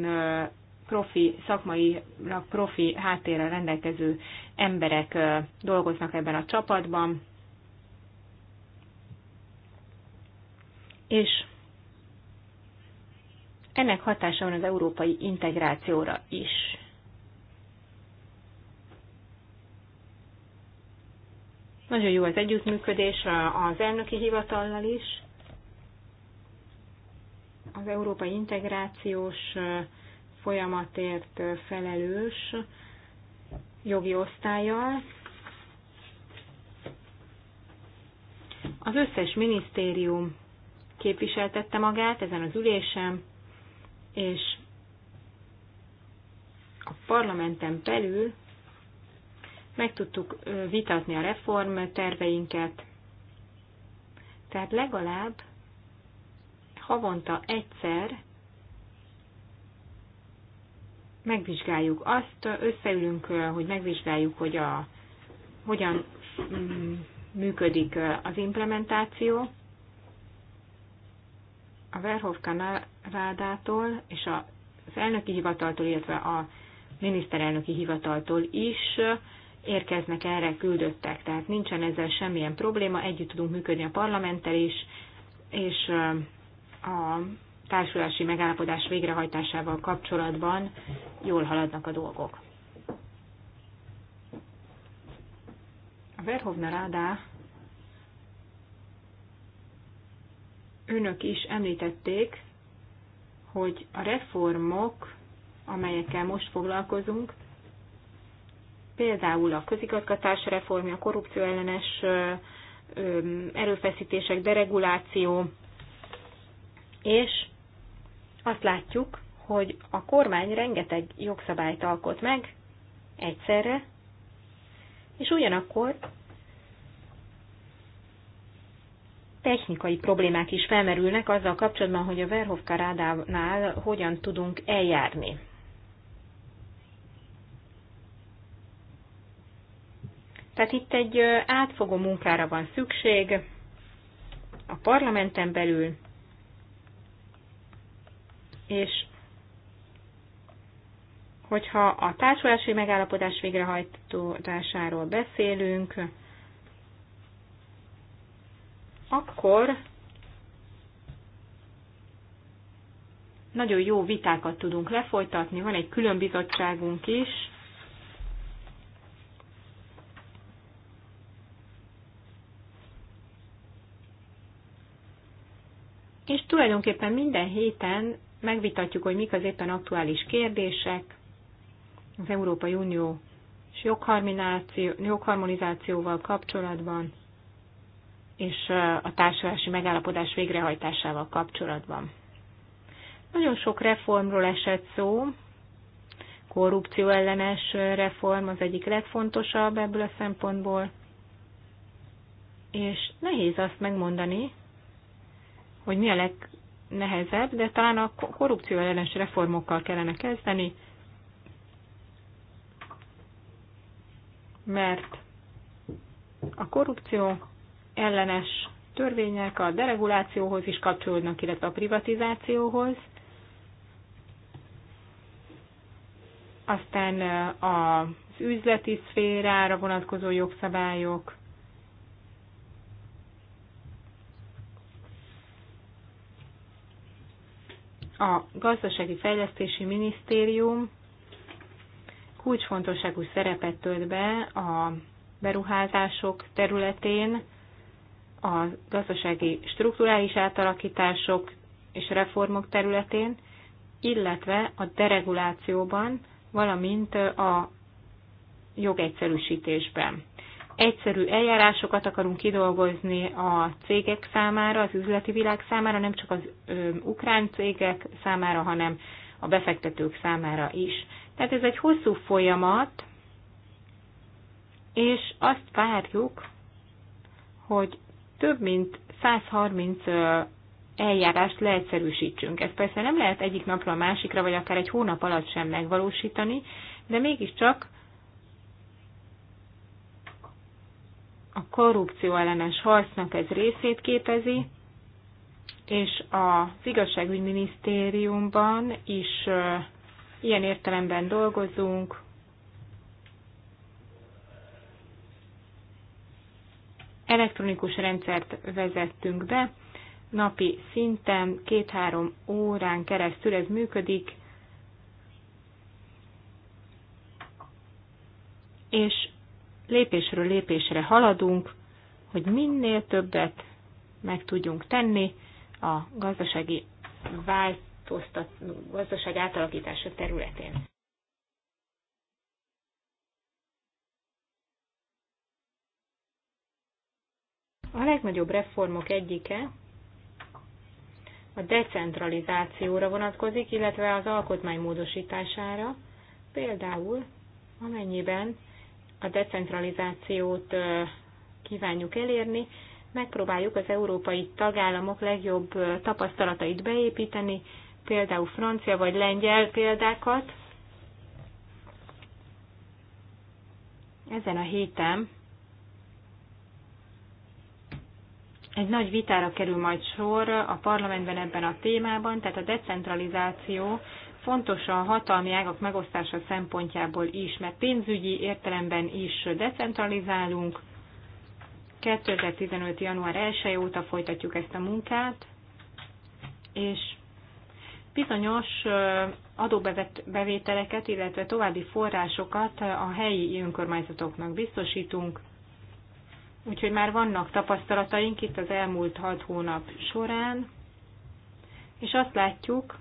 profi, szakmai, profi háttérrel rendelkező emberek dolgoznak ebben a csapatban. És ennek hatása van az európai integrációra is. Nagyon jó az együttműködés az elnöki hivatallal is. Az európai integrációs folyamatért felelős jogi osztályjal. Az összes minisztérium képviseltette magát ezen az ülésen, és a parlamenten belül meg tudtuk vitatni a reform terveinket, tehát legalább havonta egyszer megvizsgáljuk azt, összeülünk, hogy megvizsgáljuk, hogy a, hogyan mm, működik az implementáció. A Verhof Kanarádától és az elnöki hivataltól, illetve a miniszterelnöki hivataltól is érkeznek erre küldöttek. Tehát nincsen ezzel semmilyen probléma, együtt tudunk működni a parlamenttel is, és a társulási megállapodás végrehajtásával kapcsolatban jól haladnak a dolgok. A Verhovna Rádá önök is említették, hogy a reformok, amelyekkel most foglalkozunk, például a közigazgatás reformja, ellenes erőfeszítések, dereguláció, és azt látjuk, hogy a kormány rengeteg jogszabályt alkot meg egyszerre, és ugyanakkor technikai problémák is felmerülnek azzal kapcsolatban, hogy a Verhofka rádánál hogyan tudunk eljárni. Tehát itt egy átfogó munkára van szükség a parlamenten belül, és hogyha a társulási megállapodás végrehajtásáról beszélünk, akkor nagyon jó vitákat tudunk lefolytatni. Van egy külön bizottságunk is, és tulajdonképpen minden héten megvitatjuk, hogy mik az éppen aktuális kérdések az Európai Unió és jogharmonizációval kapcsolatban, és a társadalmi megállapodás végrehajtásával kapcsolatban. Nagyon sok reformról esett szó, korrupcióellenes reform az egyik legfontosabb ebből a szempontból, és nehéz azt megmondani, hogy mi a leg, nehezebb, de talán a korrupció ellenes reformokkal kellene kezdeni, mert a korrupció ellenes törvények a deregulációhoz is kapcsolódnak, illetve a privatizációhoz. Aztán az üzleti szférára vonatkozó jogszabályok, a Gazdasági Fejlesztési Minisztérium kulcsfontosságú szerepet tölt be a beruházások területén, a gazdasági strukturális átalakítások és reformok területén, illetve a deregulációban, valamint a jogegyszerűsítésben egyszerű eljárásokat akarunk kidolgozni a cégek számára, az üzleti világ számára, nem csak az ö, ukrán cégek számára, hanem a befektetők számára is. Tehát ez egy hosszú folyamat, és azt várjuk, hogy több mint 130 eljárást leegyszerűsítsünk. Ezt persze nem lehet egyik napra a másikra, vagy akár egy hónap alatt sem megvalósítani, de mégiscsak a korrupció ellenes harcnak ez részét képezi, és az igazságügyminisztériumban is ilyen értelemben dolgozunk. Elektronikus rendszert vezettünk be, napi szinten két-három órán keresztül ez működik, és lépésről lépésre haladunk, hogy minél többet meg tudjunk tenni a gazdasági változtat, gazdaság átalakítása területén. A legnagyobb reformok egyike a decentralizációra vonatkozik, illetve az alkotmány módosítására, például amennyiben a decentralizációt kívánjuk elérni, megpróbáljuk az európai tagállamok legjobb tapasztalatait beépíteni, például francia vagy lengyel példákat. Ezen a héten egy nagy vitára kerül majd sor a parlamentben ebben a témában, tehát a decentralizáció fontos a hatalmi ágak megosztása szempontjából is, mert pénzügyi értelemben is decentralizálunk. 2015. január 1 óta folytatjuk ezt a munkát, és bizonyos adóbevételeket, illetve további forrásokat a helyi önkormányzatoknak biztosítunk. Úgyhogy már vannak tapasztalataink itt az elmúlt 6 hónap során, és azt látjuk,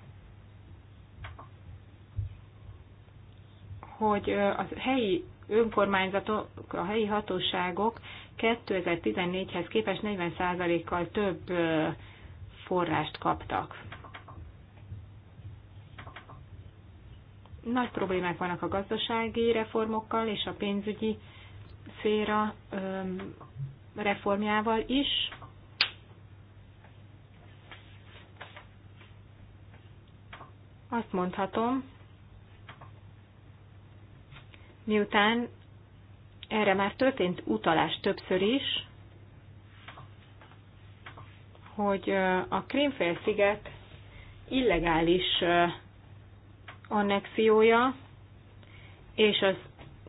hogy a helyi önkormányzatok, a helyi hatóságok 2014-hez képest 40%-kal több forrást kaptak. Nagy problémák vannak a gazdasági reformokkal és a pénzügyi szféra reformjával is. Azt mondhatom, Miután erre már történt utalás többször is, hogy a Krímfélsziget illegális annexiója és az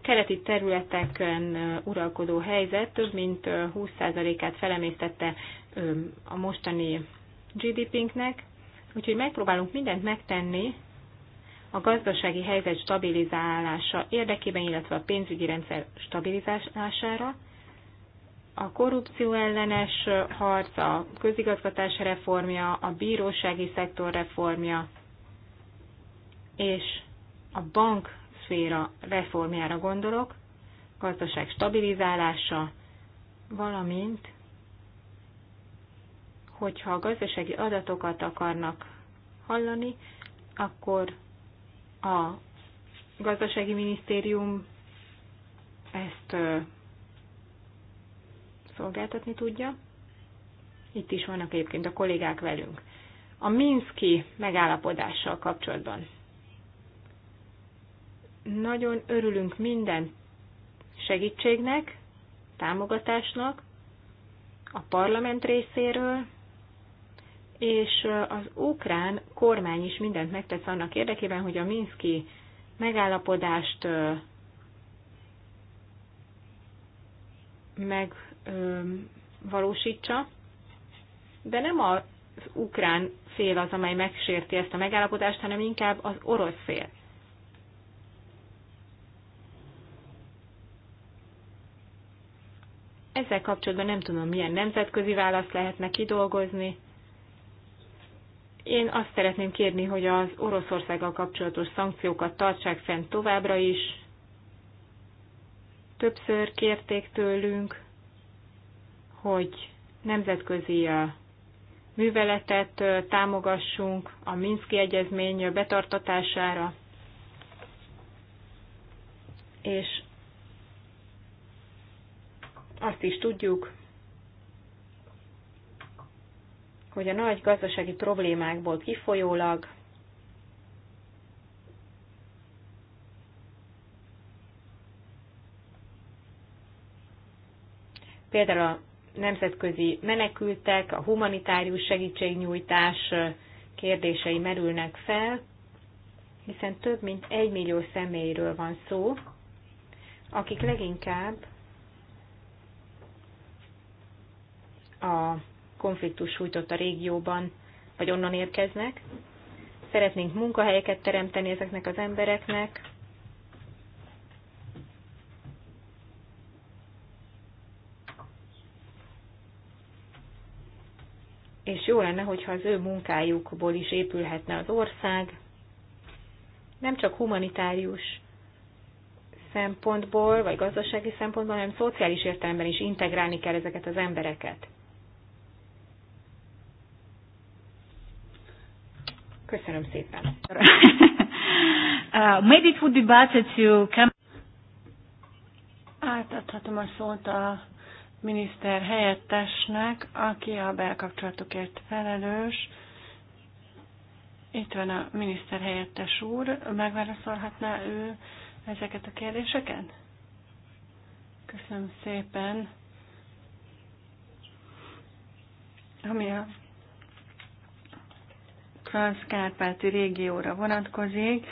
keleti területeken uralkodó helyzet több mint 20%-át felemésztette a mostani GDP-nknek, úgyhogy megpróbálunk mindent megtenni a gazdasági helyzet stabilizálása érdekében, illetve a pénzügyi rendszer stabilizálására, a korrupció ellenes harc, a közigazgatás reformja, a bírósági szektor reformja és a bankszféra reformjára gondolok, gazdaság stabilizálása, valamint hogyha a gazdasági adatokat akarnak hallani, akkor a gazdasági minisztérium ezt szolgáltatni tudja. Itt is vannak egyébként a kollégák velünk. A Minszki megállapodással kapcsolatban. Nagyon örülünk minden segítségnek, támogatásnak a parlament részéről, és az ukrán kormány is mindent megtesz annak érdekében, hogy a Minszki megállapodást megvalósítsa, de nem az ukrán fél az, amely megsérti ezt a megállapodást, hanem inkább az orosz fél. Ezzel kapcsolatban nem tudom, milyen nemzetközi választ lehetne kidolgozni. Én azt szeretném kérni, hogy az Oroszországgal kapcsolatos szankciókat tartsák fent továbbra is. Többször kérték tőlünk, hogy nemzetközi műveletet támogassunk a Minszki Egyezmény betartatására, és azt is tudjuk, hogy a nagy gazdasági problémákból kifolyólag például a nemzetközi menekültek, a humanitárius segítségnyújtás kérdései merülnek fel, hiszen több mint egy millió személyről van szó, akik leginkább a konfliktus sújtott a régióban, vagy onnan érkeznek. Szeretnénk munkahelyeket teremteni ezeknek az embereknek. És jó lenne, hogyha az ő munkájukból is épülhetne az ország. Nem csak humanitárius szempontból, vagy gazdasági szempontból, hanem szociális értelemben is integrálni kell ezeket az embereket. Köszönöm szépen. uh, maybe it would be better to come... Átadhatom a szót a miniszter helyettesnek, aki a belkapcsolatokért felelős. Itt van a miniszter helyettes úr. Megválaszolhatná ő ezeket a kérdéseket? Köszönöm szépen. Ami a transzkárpáti régióra vonatkozik,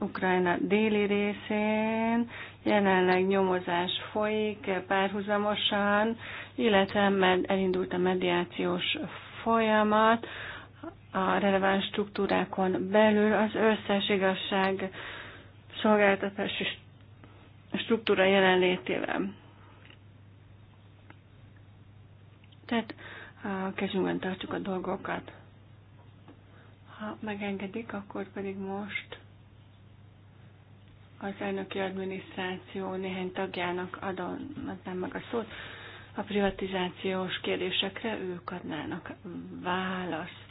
Ukrajna déli részén, jelenleg nyomozás folyik párhuzamosan, illetve elindult a mediációs folyamat a releváns struktúrákon belül az összes igazság szolgáltatási struktúra jelenlétével. Tehát a kezünkben tartjuk a dolgokat. Ha megengedik, akkor pedig most az elnöki adminisztráció néhány tagjának adnám meg a szót. A privatizációs kérdésekre ők adnának választ.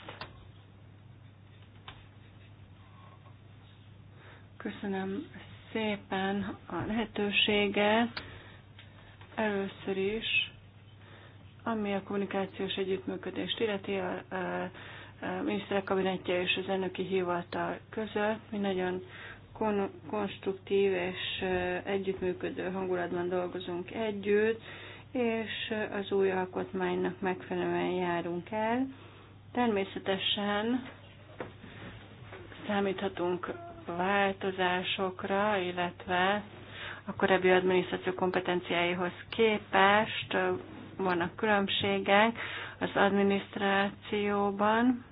Köszönöm szépen a lehetőséget. Először is, ami a kommunikációs együttműködést illeti, a, a miniszterek kabinetje és az elnöki hivatal között. Mi nagyon kon- konstruktív és együttműködő hangulatban dolgozunk együtt, és az új alkotmánynak megfelelően járunk el. Természetesen számíthatunk változásokra, illetve a korábbi adminisztráció kompetenciáihoz képest vannak különbségek az adminisztrációban,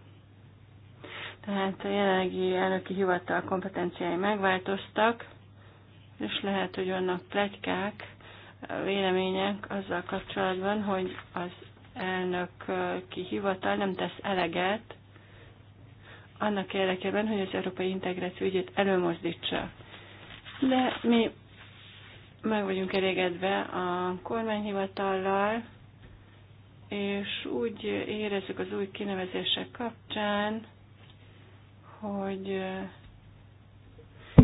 tehát a jelenlegi elnöki hivatal kompetenciái megváltoztak, és lehet, hogy vannak pletykák, vélemények azzal kapcsolatban, hogy az elnöki hivatal nem tesz eleget annak érdekében, hogy az európai integráció ügyét előmozdítsa. De mi meg vagyunk elégedve a kormányhivatallal, és úgy érezzük az új kinevezések kapcsán, hogy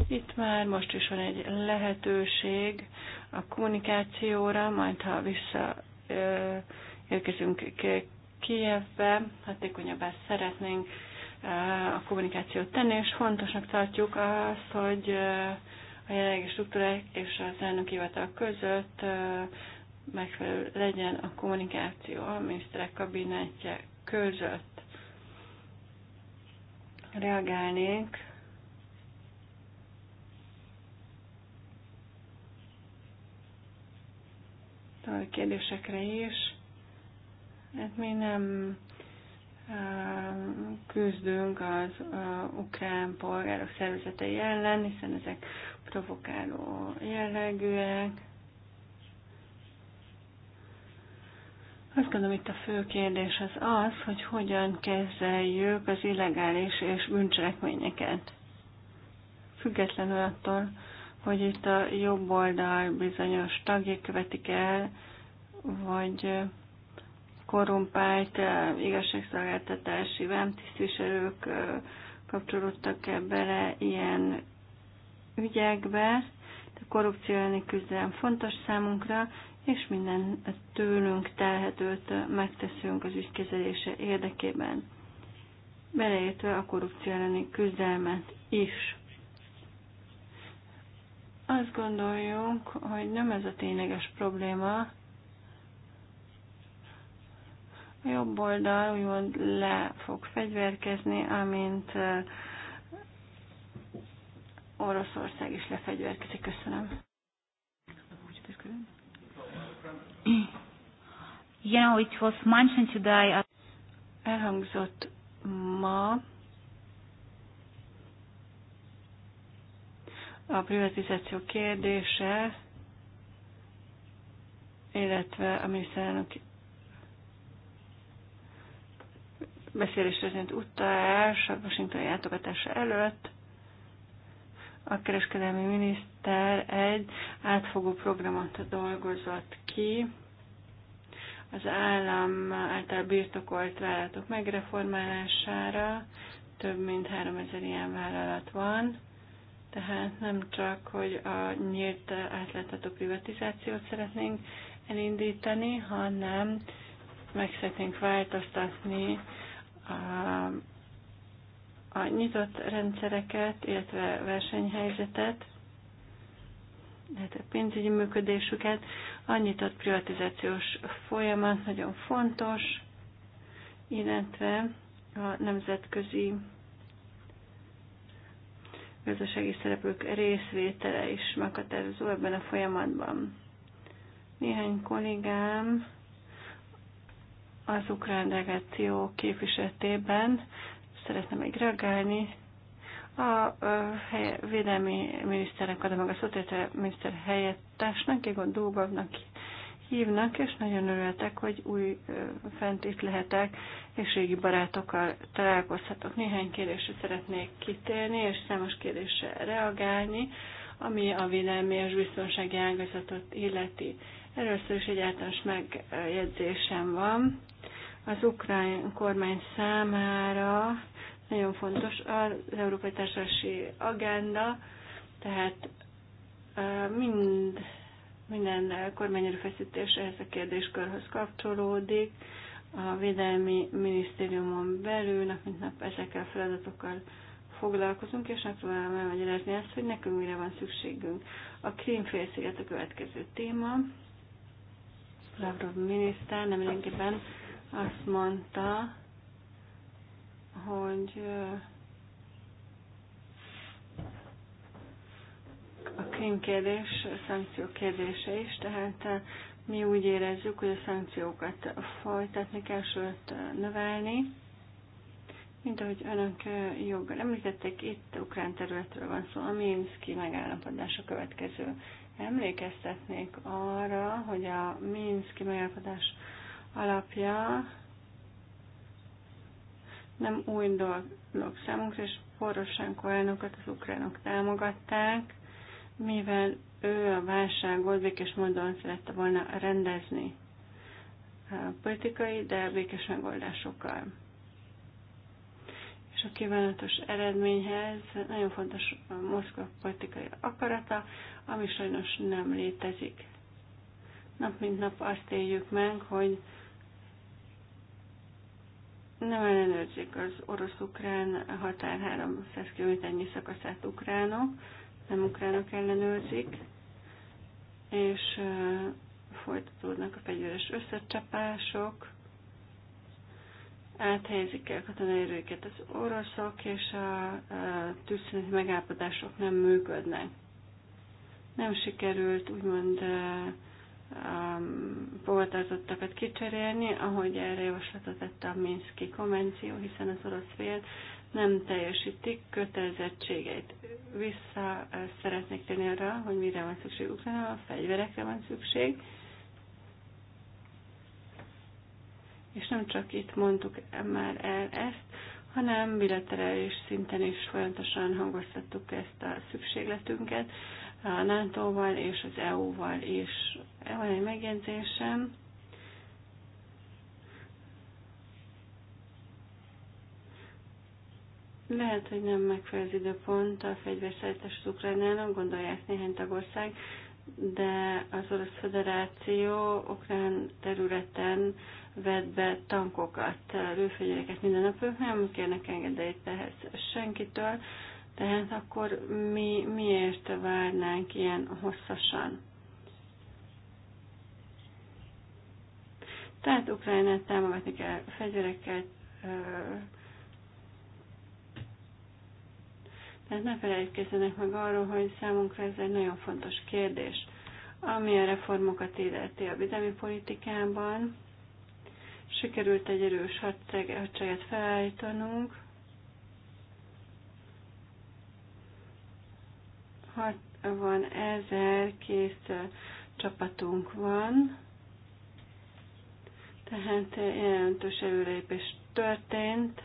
itt már most is van egy lehetőség a kommunikációra, majd ha vissza érkezünk Kijevbe, hatékonyabbá szeretnénk a kommunikációt tenni, és fontosnak tartjuk azt, hogy a jelenlegi struktúrák és az elnök hivatal között megfelelő legyen a kommunikáció a miniszterek kabinetje között reagálnék a kérdésekre is. Hát mi nem küzdünk az ukrán polgárok szervezetei ellen, hiszen ezek provokáló jellegűek. Azt gondolom, itt a fő kérdés az az, hogy hogyan kezeljük az illegális és bűncselekményeket. Függetlenül attól, hogy itt a jobb oldal bizonyos tagjai követik el, vagy korumpált igazságszolgáltatási vámtisztviselők kapcsolódtak -e bele ilyen ügyekbe. A korrupció elleni küzdelem fontos számunkra, és minden tőlünk telhetőt megteszünk az ügykezelése érdekében, beleértve a korrupció elleni küzdelmet is. Azt gondoljuk, hogy nem ez a tényleges probléma. A jobb oldal úgymond le fog fegyverkezni, amint Oroszország is lefegyverkezik. Köszönöm. Köszönöm you know, it was mentioned today. at uh, Elhangzott ma a privatizáció kérdése, illetve a miniszterelnök beszélésre történt utalás a Washingtoni látogatása előtt a kereskedelmi miniszter egy átfogó programot dolgozott ki, az állam által birtokolt vállalatok megreformálására több mint 3000 ilyen vállalat van, tehát nem csak, hogy a nyílt átlátható privatizációt szeretnénk elindítani, hanem meg szeretnénk változtatni a a nyitott rendszereket, illetve versenyhelyzetet, illetve pénzügyi működésüket. A nyitott privatizációs folyamat nagyon fontos, illetve a nemzetközi gazdasági szereplők részvétele is meghatározó ebben a folyamatban. Néhány kollégám az ukrán delegáció képviseletében szeretne még reagálni. A védelmi miniszternek adom meg a szót, illetve miniszter helyettesnek, Egon Dóbavnak hívnak, és nagyon örültek, hogy új fent itt lehetek, és régi barátokkal találkozhatok. Néhány kérdésre szeretnék kitérni, és számos kérdésre reagálni, ami a védelmi és biztonsági ágazatot illeti. Először is egy általános megjegyzésem van. Az ukrán kormány számára nagyon fontos az európai társadalmi agenda, tehát mind, minden kormányerőfeszítés ehhez a kérdéskörhöz kapcsolódik. A Védelmi Minisztériumon belül nap mint nap ezekkel a feladatokkal foglalkozunk, és megpróbálom elmagyarázni azt, hogy nekünk mire van szükségünk. A Krímfélsziget a következő téma. Lavrov miniszter nemrégiben azt mondta, hogy a kérdés, a szankció kérdése is, tehát mi úgy érezzük, hogy a szankciókat folytatni kell, sőt növelni. Mint ahogy önök joggal említették, itt ukrán területről van szó, a Minszki megállapodás a következő. Emlékeztetnék arra, hogy a Minszki megállapodás alapja nem új dolog számunkra, és Poroshenko elnököt az ukránok támogatták, mivel ő a válságot békés módon szerette volna rendezni politikai, de békés megoldásokkal. És a kívánatos eredményhez nagyon fontos a Moszkva politikai akarata, ami sajnos nem létezik. Nap mint nap azt éljük meg, hogy nem ellenőrzik az orosz-ukrán határ 300 km szakaszát ukránok, nem ukránok ellenőrzik, és folytatódnak a fegyveres összecsapások, áthelyezik el katonai erőket az oroszok, és a, a tűzszüneti megállapodások nem működnek. Nem sikerült úgymond Um, fogvatartottakat kicserélni, ahogy erre javaslatot tette a Minszki konvenció, hiszen az orosz fél nem teljesítik kötelezettségeit. Vissza eh, szeretnék tenni arra, hogy mire van szükség Ukrajna, a fegyverekre van szükség, és nem csak itt mondtuk már el ezt, hanem bilaterális szinten is folyamatosan hangoztattuk ezt a szükségletünket, a NATO-val és az EU-val is. Van egy megjegyzésem. Lehet, hogy nem megfelelő az időpont a fegyverszállítás az Ukrajnának, gondolják néhány tagország, de az Orosz Föderáció ukrán területen vett be tankokat, lőfegyvereket minden nap, nem kérnek engedélyt ehhez senkitől. Tehát akkor mi miért várnánk ilyen hosszasan? Tehát Ukrajnát támogatni kell fegyvereket, tehát ne felejtkezzenek meg arról, hogy számunkra ez egy nagyon fontos kérdés, ami a reformokat illeti a védelmi politikában. Sikerült egy erős hadsereget felállítanunk, Van ezer kész csapatunk van, tehát jelentős előrelépés történt,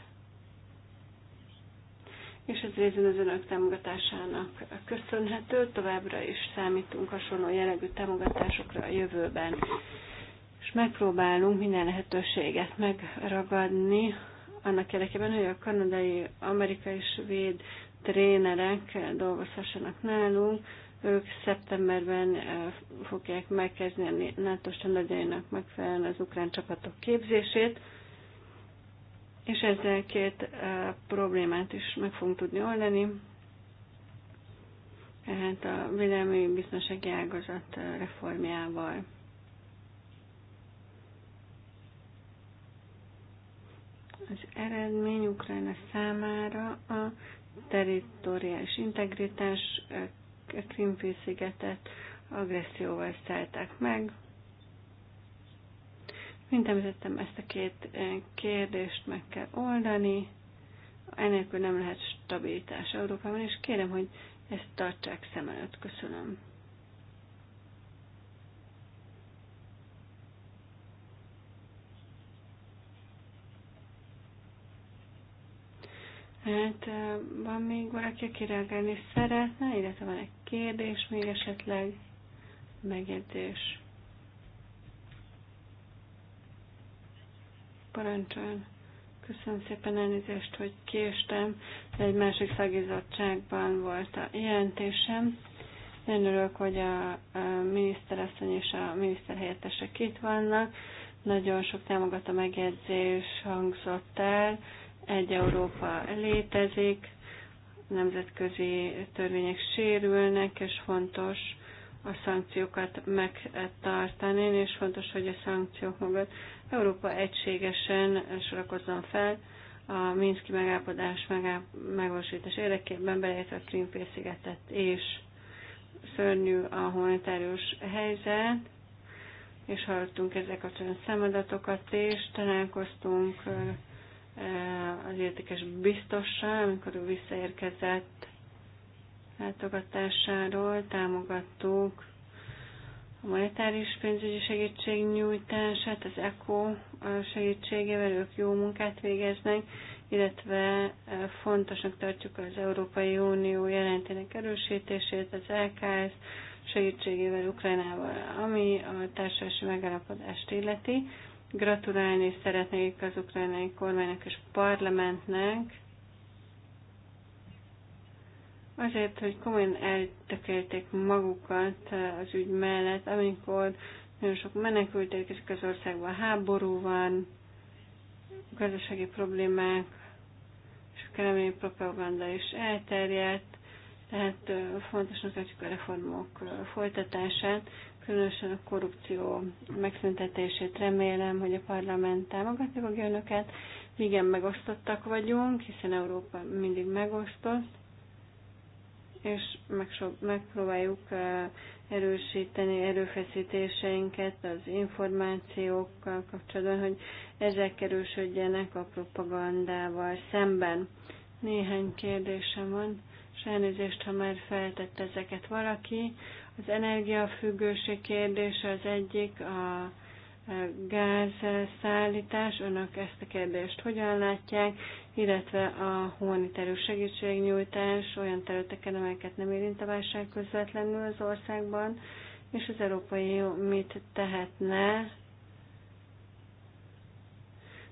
és ez részben az önök támogatásának köszönhető, továbbra is számítunk hasonló jellegű támogatásokra a jövőben, és megpróbálunk minden lehetőséget megragadni, annak érdekében, hogy a kanadai, amerikai, svéd trénerek dolgozhassanak nálunk. Ők szeptemberben eh, fogják megkezdeni a NATO standardjainak megfelelően az ukrán csapatok képzését, és ezzel két eh, problémát is meg fogunk tudni oldani. Tehát a védelmi biztonsági ágazat eh, reformjával. Az eredmény Ukrajna számára a territoriális integritás Krimfélszigetet agresszióval szállták meg. Mint említettem, ezt a két eh, kérdést meg kell oldani. Enélkül nem lehet stabilitás Európában, és kérem, hogy ezt tartsák szem előtt. Köszönöm. Hát van még valaki, aki reagálni szeretne, illetve van egy kérdés még esetleg, megjegyzés. Parancsoljon. Köszönöm szépen elnézést, hogy késtem, de egy másik szagizottságban volt a jelentésem. Én örülök, hogy a miniszterasszony és a miniszterhelyettesek itt vannak. Nagyon sok támogató megjegyzés hangzott el egy Európa létezik, nemzetközi törvények sérülnek, és fontos a szankciókat megtartani, és fontos, hogy a szankciók mögött Európa egységesen sorakozzon fel a Minszki megállapodás megvalósítás érdekében, beleértve a Krimfélszigetet és szörnyű a humanitárius helyzet, és hallottunk ezek a szemadatokat, és találkoztunk Eh, az értékes biztossá, amikor ő visszaérkezett látogatásáról, támogattuk a monetáris pénzügyi segítség nyújtását, az ECO segítségével ők jó munkát végeznek, illetve eh, fontosnak tartjuk az Európai Unió jelentének erősítését, az LKS segítségével Ukrajnával, ami a társadalmi megállapodást illeti. Gratulálni szeretnék az ukrajnai kormánynak és parlamentnek, azért, hogy komolyan eltökélték magukat az ügy mellett, amikor nagyon sok menekült érkezik az országban, háború van, gazdasági problémák, és a kelemény propaganda is elterjedt, tehát fontosnak tartjuk a reformok folytatását, különösen a korrupció megszüntetését remélem, hogy a parlament támogatja fogja önöket. Igen, megosztottak vagyunk, hiszen Európa mindig megosztott, és megpróbáljuk erősíteni erőfeszítéseinket az információkkal kapcsolatban, hogy ezek erősödjenek a propagandával szemben. Néhány kérdésem van, és elnézést, ha már feltett ezeket valaki. Az energiafüggőség kérdése az egyik, a gázszállítás, önök ezt a kérdést hogyan látják, illetve a humanitárű segítségnyújtás olyan területeken, amelyeket nem érint a válság közvetlenül az országban, és az Európai mit tehetne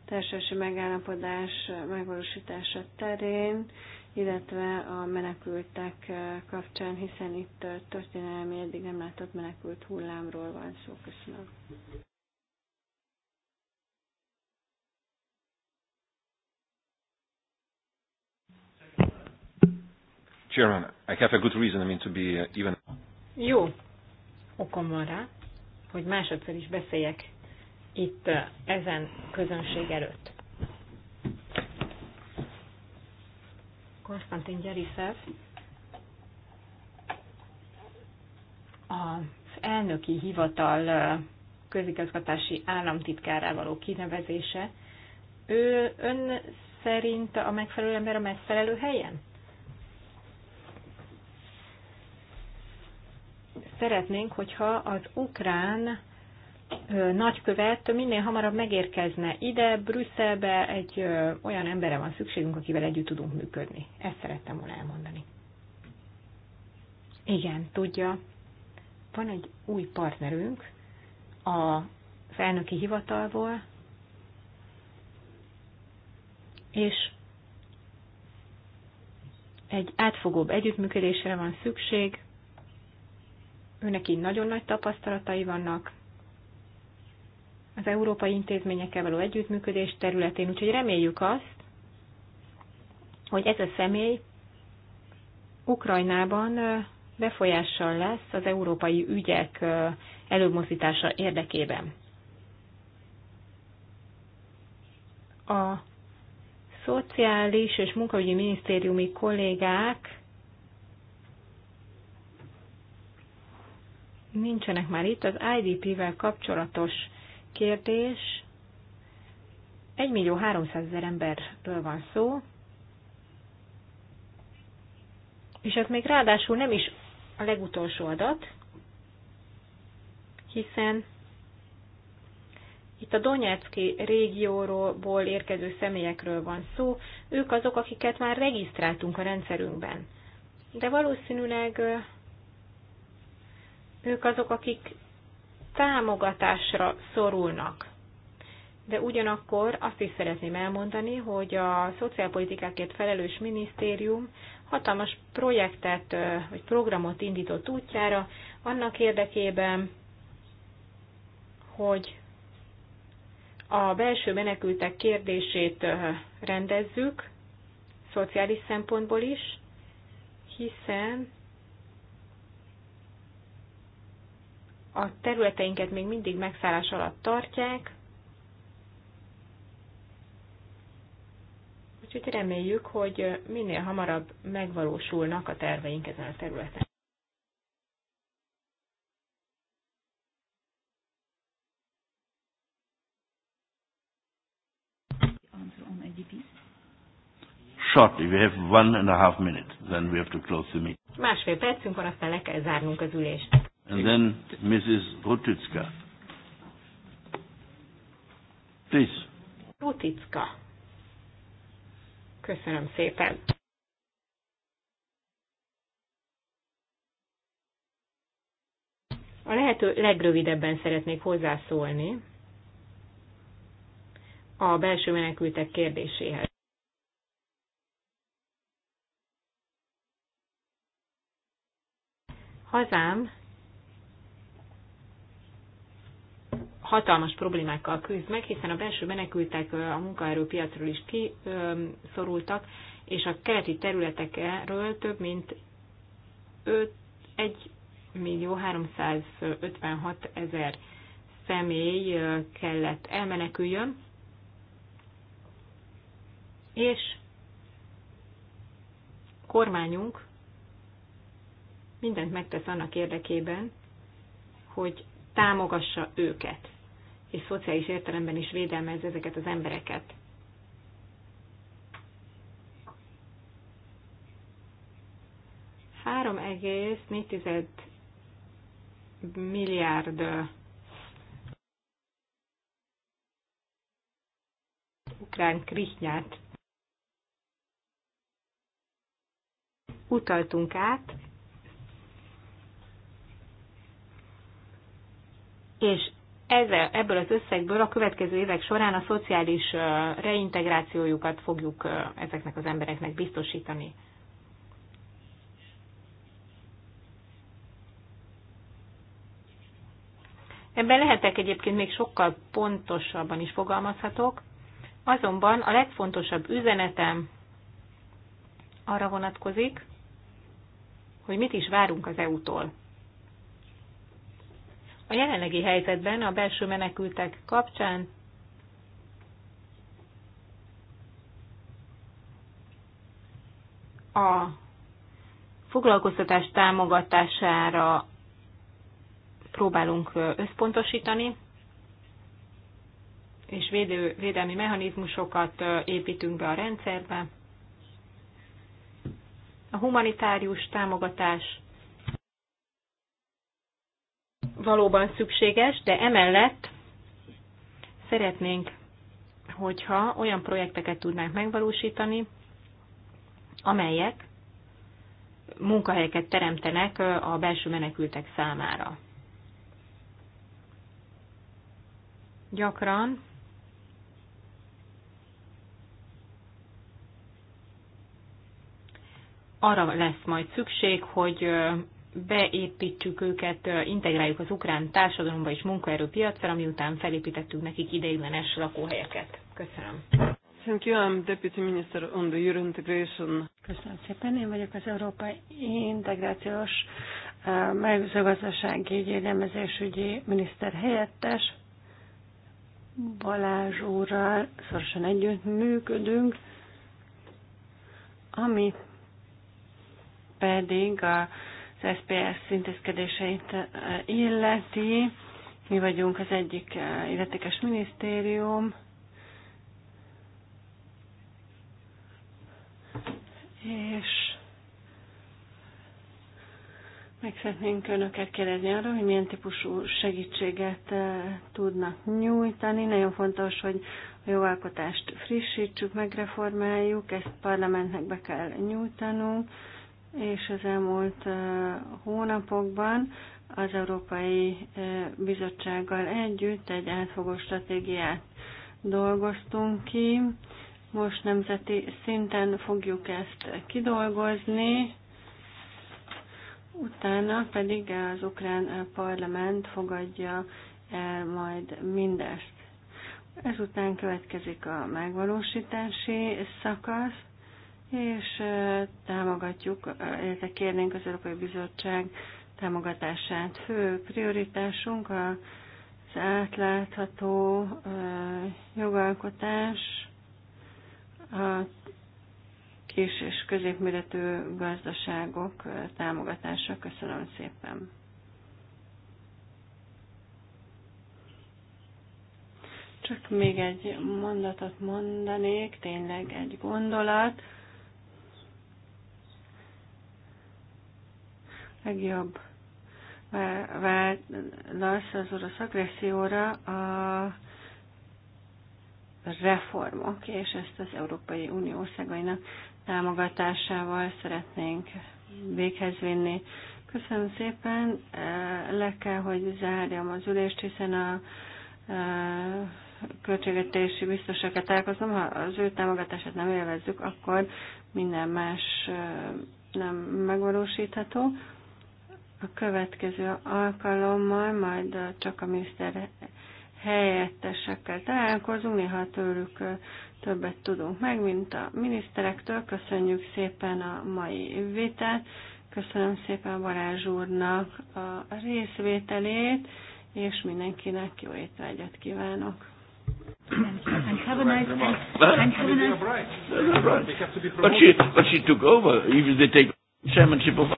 társadalmi megállapodás megvalósítása terén, illetve a menekültek kapcsán, hiszen itt történelmi eddig nem látott menekült hullámról van szó. Köszönöm. Chairman, I have a good reason, I mean, to be uh, even... Jó, okom van rá, hogy másodszor is beszéljek itt ezen közönség előtt. Konstantin Gyeriszev az elnöki hivatal közigazgatási államtitkárá való kinevezése, ő ön szerint a megfelelő ember a megfelelő helyen? Szeretnénk, hogyha az ukrán nagykövet minél hamarabb megérkezne ide, Brüsszelbe, egy olyan embere van szükségünk, akivel együtt tudunk működni. Ezt szerettem volna elmondani. Igen, tudja, van egy új partnerünk a felnöki hivatalból, és egy átfogóbb együttműködésre van szükség. Őnek így nagyon nagy tapasztalatai vannak, az európai intézményekkel való együttműködés területén, úgyhogy reméljük azt, hogy ez a személy Ukrajnában befolyással lesz az európai ügyek előmozdítása érdekében. A szociális és munkaügyi minisztériumi kollégák nincsenek már itt, az IDP-vel kapcsolatos kérdés. 1 millió 300 ezer emberről van szó, és ez még ráadásul nem is a legutolsó adat, hiszen itt a Donetszki régióról érkező személyekről van szó, ők azok, akiket már regisztráltunk a rendszerünkben. De valószínűleg ők azok, akik támogatásra szorulnak. De ugyanakkor azt is szeretném elmondani, hogy a szociálpolitikákért felelős minisztérium hatalmas projektet vagy programot indított útjára annak érdekében, hogy a belső menekültek kérdését rendezzük, szociális szempontból is, hiszen a területeinket még mindig megszállás alatt tartják, úgyhogy reméljük, hogy minél hamarabb megvalósulnak a terveink ezen a területen. Shortly, we have one and a half minutes, then we have to close the meeting. Másfél percünk van, aztán le kell zárnunk az ülést. And then Mrs. Rutitska. Please. Rutitska, Köszönöm szépen. A lehető legrövidebben szeretnék hozzászólni a belső menekültek kérdéséhez. Hazám hatalmas problémákkal küzd meg, hiszen a belső menekültek a munkaerőpiacról is kiszorultak, és a keleti területekről több mint 5, 1 millió 356 ezer személy kellett elmeneküljön, és kormányunk mindent megtesz annak érdekében, hogy támogassa őket és szociális értelemben is védelmez ezeket az embereket. Három egész milliárd ukrán krihnyát utaltunk át, és ezzel, ebből az összegből a következő évek során a szociális reintegrációjukat fogjuk ezeknek az embereknek biztosítani. Ebben lehetek egyébként még sokkal pontosabban is fogalmazhatok, azonban a legfontosabb üzenetem arra vonatkozik, hogy mit is várunk az EU-tól. A jelenlegi helyzetben a belső menekültek kapcsán a foglalkoztatás támogatására próbálunk összpontosítani, és védő, védelmi mechanizmusokat építünk be a rendszerbe. A humanitárius támogatás valóban szükséges, de emellett szeretnénk, hogyha olyan projekteket tudnánk megvalósítani, amelyek munkahelyeket teremtenek a belső menekültek számára. Gyakran arra lesz majd szükség, hogy beépítjük őket, integráljuk az ukrán társadalomba és munkaerőpiacra, miután felépítettük nekik ideiglenes lakóhelyeket. Köszönöm. Thank you. I'm Deputy Minister on the Euro Integration. Köszönöm szépen. Én vagyok az Európai Integrációs Mezőgazdasági Gyérdemezésügyi Miniszter helyettes. Balázs úrral szorosan együtt működünk, ami pedig a SPS szintézkedéseit eh, illeti. Mi vagyunk az egyik eh, illetékes minisztérium, és meg szeretnénk önöket kérdezni arról, hogy milyen típusú segítséget eh, tudnak nyújtani. Nagyon fontos, hogy a jogalkotást frissítsük, megreformáljuk, ezt parlamentnek be kell nyújtanunk és az elmúlt hónapokban az Európai Bizottsággal együtt egy átfogó stratégiát dolgoztunk ki. Most nemzeti szinten fogjuk ezt kidolgozni, utána pedig az ukrán parlament fogadja el majd mindezt. Ezután következik a megvalósítási szakasz, és támogatjuk, illetve kérnénk az Európai Bizottság támogatását. Fő prioritásunk az átlátható jogalkotás, a kis és középméretű gazdaságok támogatása. Köszönöm szépen! Csak még egy mondatot mondanék, tényleg egy gondolat. legjobb válasz az orosz agresszióra a reformok, és ezt az Európai Unió országainak támogatásával szeretnénk véghez vinni. Köszönöm szépen, le kell, hogy zárjam az ülést, hiszen a költségvetési biztosokat találkozom, ha az ő támogatását nem élvezzük, akkor minden más nem megvalósítható. A következő alkalommal majd csak a miniszter helyettesekkel találkozunk, néha tőlük többet tudunk meg, mint a miniszterektől. Köszönjük szépen a mai vitát, köszönöm szépen Varázs úrnak a részvételét, és mindenkinek jó étvágyat kívánok! And have a nice and have a nice. But she, but she took over. Even they take chairmanship of.